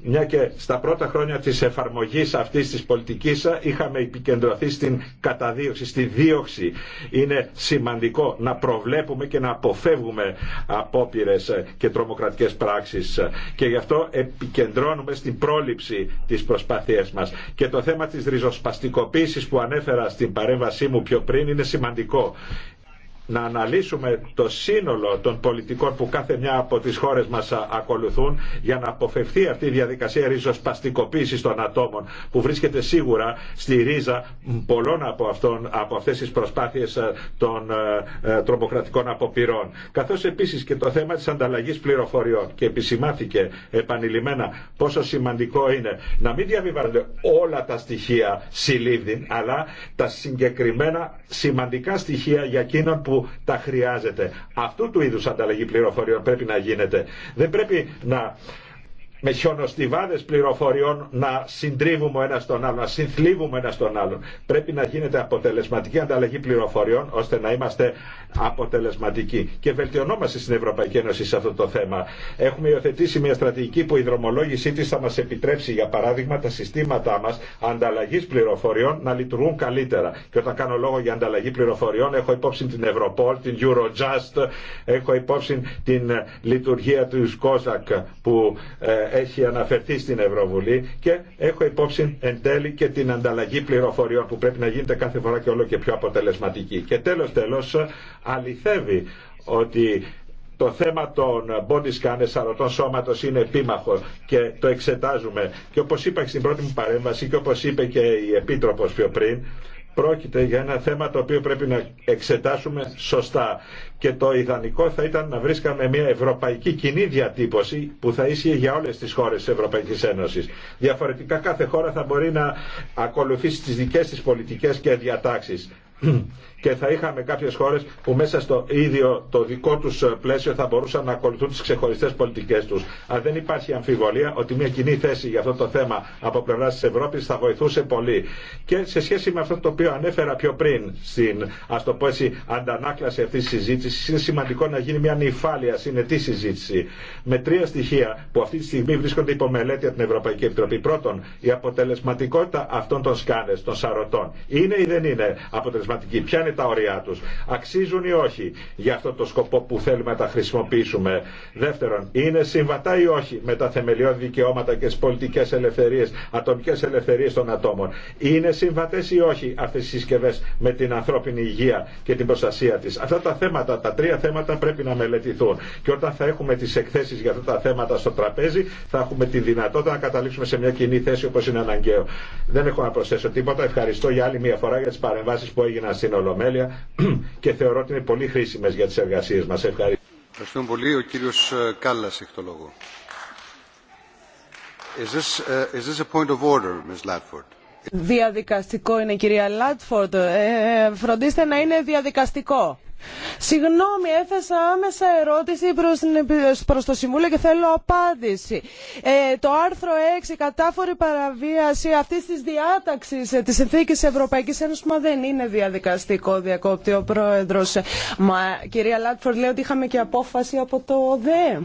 μια και στα πρώτα χρόνια της εφαρμογής αυτής της πολιτικής είχαμε επικεντρωθεί στην καταδίωξη, στη δίωξη. Είναι σημαντικό να προβλέπουμε και να αποφεύγουμε απόπειρε και τρομοκρατικές πράξεις και γι' αυτό επικεντρώνουμε στην πρόληψη της προσπάθειας μας. Και το θέμα της ριζοσπαστικοποίησης που ανέφερα στην παρέμβασή μου πιο πριν είναι σημαντικό να αναλύσουμε το σύνολο των πολιτικών που κάθε μια από τις χώρες μας ακολουθούν για να αποφευθεί αυτή η διαδικασία ριζοσπαστικοποίησης των ατόμων που βρίσκεται σίγουρα στη ρίζα πολλών από, αυτών, από αυτές τις προσπάθειες των τρομοκρατικών αποπειρών. Καθώς επίσης και το θέμα της ανταλλαγής πληροφοριών και επισημάθηκε επανειλημμένα πόσο σημαντικό είναι να μην διαβιβάζονται όλα τα στοιχεία συλλήβδιν αλλά τα συγκεκριμένα σημαντικά στοιχεία για εκείνον τα χρειάζεται. Αυτού του είδους ανταλλαγή πληροφοριών πρέπει να γίνεται. Δεν πρέπει να με χιονοστιβάδες πληροφοριών να συντρίβουμε ένα τον άλλον, να συνθλίβουμε ένα τον άλλον. Πρέπει να γίνεται αποτελεσματική ανταλλαγή πληροφοριών ώστε να είμαστε αποτελεσματικοί. Και βελτιωνόμαστε στην Ευρωπαϊκή Ένωση σε αυτό το θέμα. Έχουμε υιοθετήσει μια στρατηγική που η δρομολόγησή τη θα μα επιτρέψει, για παράδειγμα, τα συστήματά μα ανταλλαγή πληροφοριών να λειτουργούν καλύτερα. Και όταν κάνω λόγο για ανταλλαγή πληροφοριών, έχω υπόψη την Ευρωπόλ, την Eurojust, έχω υπόψη την λειτουργία του ΣΚΟΖΑΚ που ε, έχει αναφερθεί στην Ευρωβουλή και έχω υπόψη εν τέλει και την ανταλλαγή πληροφοριών που πρέπει να γίνεται κάθε φορά και όλο και πιο αποτελεσματική. Και τέλος τέλος αληθεύει ότι το θέμα των body scanners αρωτών σώματος είναι επίμαχο και το εξετάζουμε. Και όπως είπα στην πρώτη μου παρέμβαση και όπως είπε και η Επίτροπος πιο πριν, Πρόκειται για ένα θέμα το οποίο πρέπει να εξετάσουμε σωστά. Και το ιδανικό θα ήταν να βρίσκαμε μια ευρωπαϊκή κοινή διατύπωση που θα ίσχυε για όλε τι χώρε τη Ευρωπαϊκή Ένωση. Διαφορετικά κάθε χώρα θα μπορεί να ακολουθήσει τι δικέ της πολιτικέ και διατάξει και θα είχαμε κάποιες χώρες που μέσα στο ίδιο το δικό τους ε, πλαίσιο θα μπορούσαν να ακολουθούν τις ξεχωριστές πολιτικές τους. Αλλά δεν υπάρχει αμφιβολία ότι μια κοινή θέση για αυτό το θέμα από πλευράς της Ευρώπης θα βοηθούσε πολύ. Και σε σχέση με αυτό το οποίο ανέφερα πιο πριν στην ας το πω έτσι, αντανάκλαση αυτής της συζήτησης είναι σημαντικό να γίνει μια νυφάλια συνετή συζήτηση με τρία στοιχεία που αυτή τη στιγμή βρίσκονται υπό μελέτη από την Ευρωπαϊκή Επιτροπή. Πρώτον, η αποτελεσματικότητα αυτών των σκάνε, των σαρωτών. Είναι ή δεν είναι αποτελεσματική είναι τα όρια του. Αξίζουν ή όχι για αυτό το σκοπό που θέλουμε να τα χρησιμοποιήσουμε. Δεύτερον, είναι συμβατά ή όχι με τα θεμελιώδη δικαιώματα και τι πολιτικέ ελευθερίε, ατομικέ ελευθερίε των ατόμων. Είναι συμβατέ ή όχι αυτέ οι συσκευέ με την ανθρώπινη υγεία και την προστασία τη. Αυτά τα θέματα, τα τρία θέματα πρέπει να μελετηθούν. Και όταν θα έχουμε τι εκθέσει για αυτά τα θέματα στο τραπέζι, θα έχουμε τη δυνατότητα να καταλήξουμε σε μια κοινή θέση όπω είναι αναγκαίο. Δεν έχω να προσθέσω τίποτα. Ευχαριστώ για άλλη μια φορά για τι παρεμβάσει που έγιναν στην Ολομέλεια. (clears throat) και θεωρώ ότι είναι πολύ χρήσιμες για τις εργασίες μας. Ευχαριστώ. Ευχαριστούμε πολύ. Ο κύριος ε, Κάλλας έχει το λόγο. Is this, uh, is this a point of order, Ms. Ladford? Διαδικαστικό είναι κυρία Λάτφορντ. Ε, ε φροντίστε να είναι διαδικαστικό. Συγγνώμη, έθεσα άμεσα ερώτηση προς, το Συμβούλιο και θέλω απάντηση. Ε, το άρθρο 6, κατάφορη παραβίαση αυτής της διάταξης ε, της Συνθήκης Ευρωπαϊκής Ένωσης, μα δεν είναι διαδικαστικό, διακόπτει ο Πρόεδρος. Μα κυρία Λάτφορντ λέει ότι είχαμε και απόφαση από το ΟΔΕ.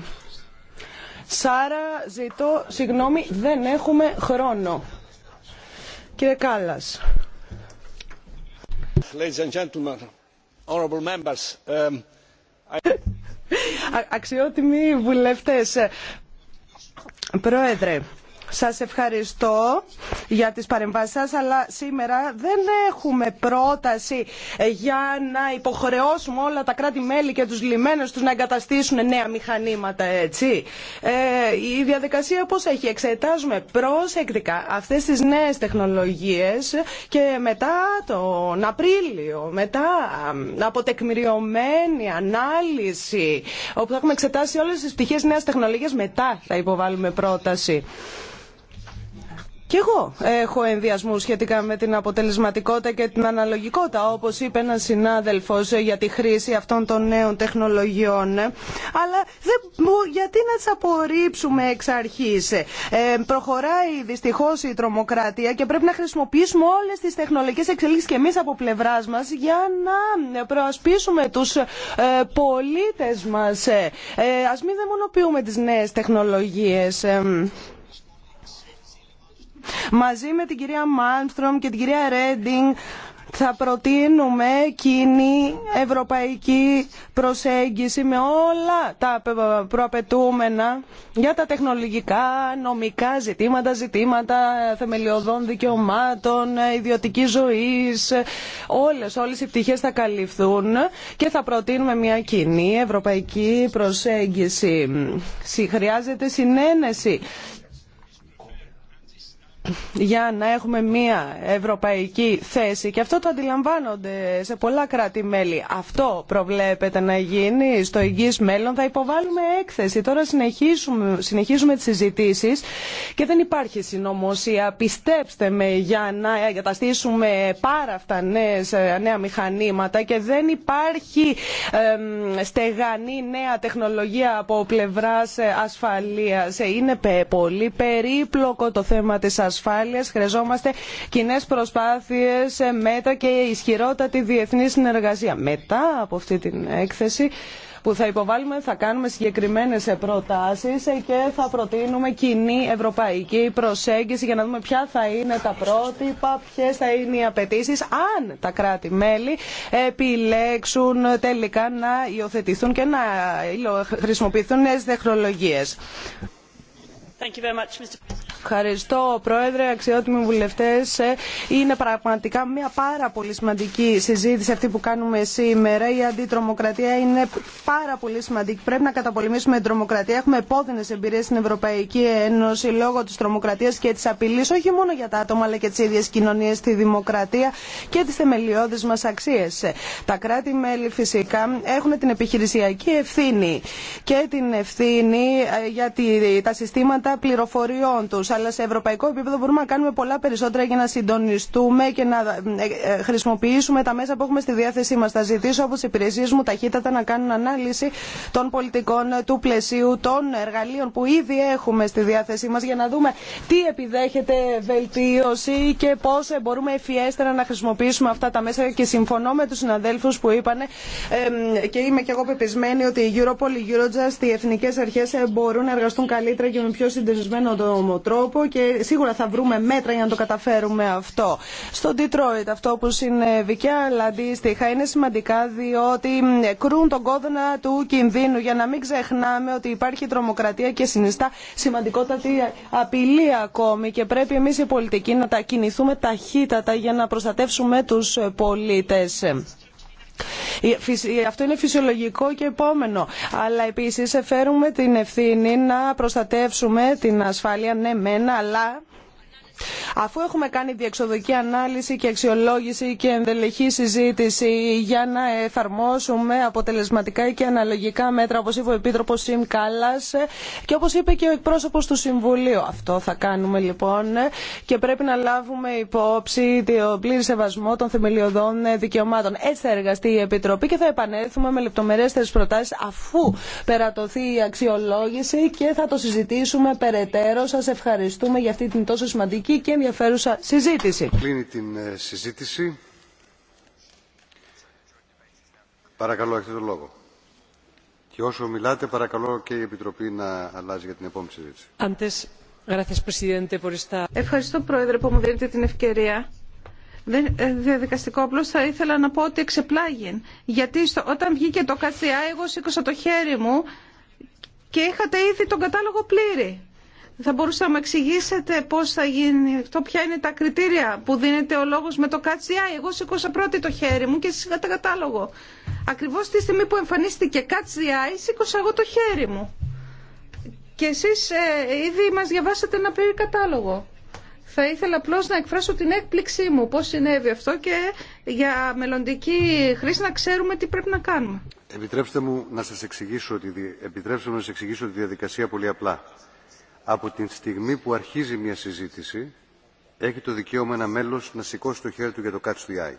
Σάρα, ζητώ, συγγνώμη, δεν έχουμε χρόνο. Κύριε Κάλλας. Ladies Um, (laughs) Αξιότιμοι βουλευτές, Πρόεδρε, σας ευχαριστώ για τις παρεμβάσεις σας, αλλά σήμερα δεν έχουμε πρόταση για να υποχρεώσουμε όλα τα κράτη-μέλη και τους λιμένους τους να εγκαταστήσουν νέα μηχανήματα, έτσι. Ε, η διαδικασία πώς έχει, εξετάζουμε προσεκτικά αυτές τις νέες τεχνολογίες και μετά τον Απρίλιο, μετά από τεκμηριωμένη ανάλυση, όπου θα έχουμε εξετάσει όλες τις πτυχές νέας τεχνολογίας, μετά θα υποβάλουμε πρόταση. Και εγώ έχω ενδιασμού σχετικά με την αποτελεσματικότητα και την αναλογικότητα, όπω είπε ένα συνάδελφο για τη χρήση αυτών των νέων τεχνολογιών. Αλλά γιατί να τι απορρίψουμε εξ αρχή. Ε, προχωράει δυστυχώ η τρομοκρατία και πρέπει να χρησιμοποιήσουμε όλε τι τεχνολογικέ εξελίξει και εμεί από πλευρά μα για να προασπίσουμε του ε, πολίτε μα. Ε, Α μην δαιμονοποιούμε τι νέε τεχνολογίε. Μαζί με την κυρία Μάνστρομ και την κυρία Ρέντινγκ θα προτείνουμε κοινή ευρωπαϊκή προσέγγιση με όλα τα προαπαιτούμενα για τα τεχνολογικά, νομικά ζητήματα, ζητήματα θεμελιωδών δικαιωμάτων, ιδιωτικής ζωής. Όλες, όλες οι πτυχές θα καλυφθούν και θα προτείνουμε μια κοινή ευρωπαϊκή προσέγγιση. Χρειάζεται συνένεση για να έχουμε μία ευρωπαϊκή θέση και αυτό το αντιλαμβάνονται σε πολλά κράτη-μέλη. Αυτό προβλέπεται να γίνει στο εγγύς μέλλον. Θα υποβάλουμε έκθεση. Τώρα συνεχίζουμε, συνεχίζουμε τις συζητήσεις και δεν υπάρχει συνωμοσία. Πιστέψτε με για να εγκαταστήσουμε πάρα αυτά νέα μηχανήματα και δεν υπάρχει στεγανή νέα τεχνολογία από πλευράς ασφαλείας. Είναι πολύ περίπλοκο το θέμα της ασφαλείας ασφάλεια. Χρειαζόμαστε κοινέ προσπάθειε, ε, μετά και ισχυρότατη διεθνή συνεργασία. Μετά από αυτή την έκθεση που θα υποβάλουμε θα κάνουμε συγκεκριμένες προτάσει ε, και θα προτείνουμε κοινή ευρωπαϊκή προσέγγιση για να δούμε ποια θα είναι τα πρότυπα, ποιε θα είναι οι απαιτήσει, αν τα κράτη-μέλη επιλέξουν τελικά να υιοθετηθούν και να χρησιμοποιηθούν νέε τεχνολογίε. Thank you very much, Ευχαριστώ, Πρόεδρε, αξιότιμοι βουλευτέ. Ε, είναι πραγματικά μια πάρα πολύ σημαντική συζήτηση αυτή που κάνουμε σήμερα. Η αντιτρομοκρατία είναι πάρα πολύ σημαντική. Πρέπει να καταπολεμήσουμε την τρομοκρατία. Έχουμε επώδυνε εμπειρίε στην Ευρωπαϊκή Ένωση λόγω τη τρομοκρατία και τη απειλή όχι μόνο για τα άτομα αλλά και τι ίδιε κοινωνίε, τη δημοκρατία και τι θεμελιώδει μα αξίε. Ε, τα κράτη-μέλη φυσικά έχουν την επιχειρησιακή ευθύνη και την ευθύνη ε, για τα συστήματα πληροφοριών του αλλά σε ευρωπαϊκό επίπεδο μπορούμε να κάνουμε πολλά περισσότερα για να συντονιστούμε και να ε, ε, χρησιμοποιήσουμε τα μέσα που έχουμε στη διάθεσή μα. Θα ζητήσω από τι υπηρεσίε μου ταχύτατα να κάνουν ανάλυση των πολιτικών του πλαισίου, των εργαλείων που ήδη έχουμε στη διάθεσή μα για να δούμε τι επιδέχεται βελτίωση και πώ μπορούμε ευφιέστερα να χρησιμοποιήσουμε αυτά τα μέσα. Και συμφωνώ με του συναδέλφου που είπαν και είμαι και εγώ πεπισμένη ότι η Europol, η Eurojust, οι εθνικέ αρχέ μπορούν να εργαστούν καλύτερα και με πιο συντονισμένο τρόπο και σίγουρα θα βρούμε μέτρα για να το καταφέρουμε αυτό. Στο Detroit αυτό που συνέβη και άλλα αντίστοιχα είναι σημαντικά διότι κρούν τον κόδωνα του κινδύνου για να μην ξεχνάμε ότι υπάρχει τρομοκρατία και συνιστά σημαντικότατη απειλή ακόμη και πρέπει εμείς οι πολιτικοί να τα κινηθούμε ταχύτατα για να προστατεύσουμε τους πολίτες. Αυτό είναι φυσιολογικό και επόμενο. Αλλά επίσης φέρουμε την ευθύνη να προστατεύσουμε την ασφάλεια, ναι μεν, αλλά Αφού έχουμε κάνει διεξοδική ανάλυση και αξιολόγηση και ενδελεχή συζήτηση για να εφαρμόσουμε αποτελεσματικά και αναλογικά μέτρα, όπω είπε ο Επίτροπο Σιμ Κάλλα και όπω είπε και ο εκπρόσωπο του Συμβουλίου. Αυτό θα κάνουμε λοιπόν και πρέπει να λάβουμε υπόψη το πλήρη σεβασμό των θεμελιωδών δικαιωμάτων. Έτσι θα εργαστεί η Επιτροπή και θα επανέλθουμε με λεπτομερέστερε προτάσει αφού περατωθεί η αξιολόγηση και θα το συζητήσουμε περαιτέρω. Σα ευχαριστούμε για αυτή την τόσο σημαντική ενδιαφέρουσα συζήτηση. Κλείνει την ε, συζήτηση. Παρακαλώ, έχετε τον λόγο. Και όσο μιλάτε, παρακαλώ και η Επιτροπή να αλλάζει για την επόμενη συζήτηση. Ευχαριστώ, Πρόεδρε, που μου δίνετε την ευκαιρία. Δεν, ε, διαδικαστικό απλώ θα ήθελα να πω ότι εξεπλάγει. Γιατί στο, όταν βγήκε το ΚΑΘΙΑ, εγώ σήκωσα το χέρι μου και είχατε ήδη τον κατάλογο πλήρη. Θα μπορούσατε να μου εξηγήσετε πώ θα γίνει αυτό, ποια είναι τα κριτήρια που δίνεται ο λόγο με το Α, Εγώ σήκωσα πρώτη το χέρι μου και εσύ είχατε κατάλογο. Ακριβώ τη στιγμή που εμφανίστηκε Eye σήκωσα εγώ το χέρι μου. Και εσεί ε, ήδη μα διαβάσατε ένα πλήρη κατάλογο. Θα ήθελα απλώ να εκφράσω την έκπληξή μου Πώ συνέβη αυτό και για μελλοντική χρήση να ξέρουμε τι πρέπει να κάνουμε. Επιτρέψτε μου να σα εξηγήσω, εξηγήσω τη διαδικασία πολύ απλά από την στιγμή που αρχίζει μια συζήτηση έχει το δικαίωμα ένα μέλος να σηκώσει το χέρι του για το catch the eye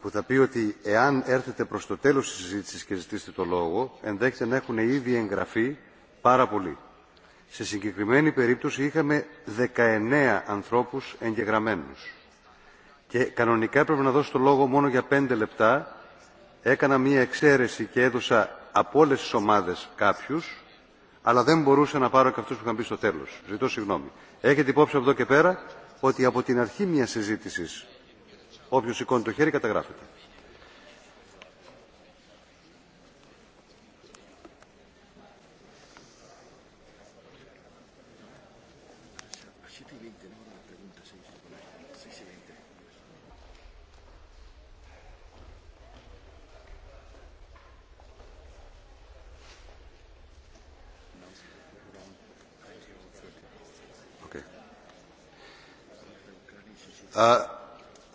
που θα πει ότι εάν έρθετε προς το τέλος της συζήτησης και ζητήσετε το λόγο ενδέχεται να έχουν ήδη εγγραφεί πάρα πολλοί. Σε συγκεκριμένη περίπτωση είχαμε 19 ανθρώπους εγγεγραμμένους και κανονικά έπρεπε να δώσω το λόγο μόνο για 5 λεπτά έκανα μία εξαίρεση και έδωσα από όλες τις ομάδες κάποιους αλλά δεν μπορούσα να πάρω και αυτού που είχαν μπει στο τέλο. Ζητώ συγγνώμη. Έχετε υπόψη από εδώ και πέρα ότι από την αρχή μια συζήτηση όποιο σηκώνει το χέρι καταγράφεται.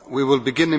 we will begin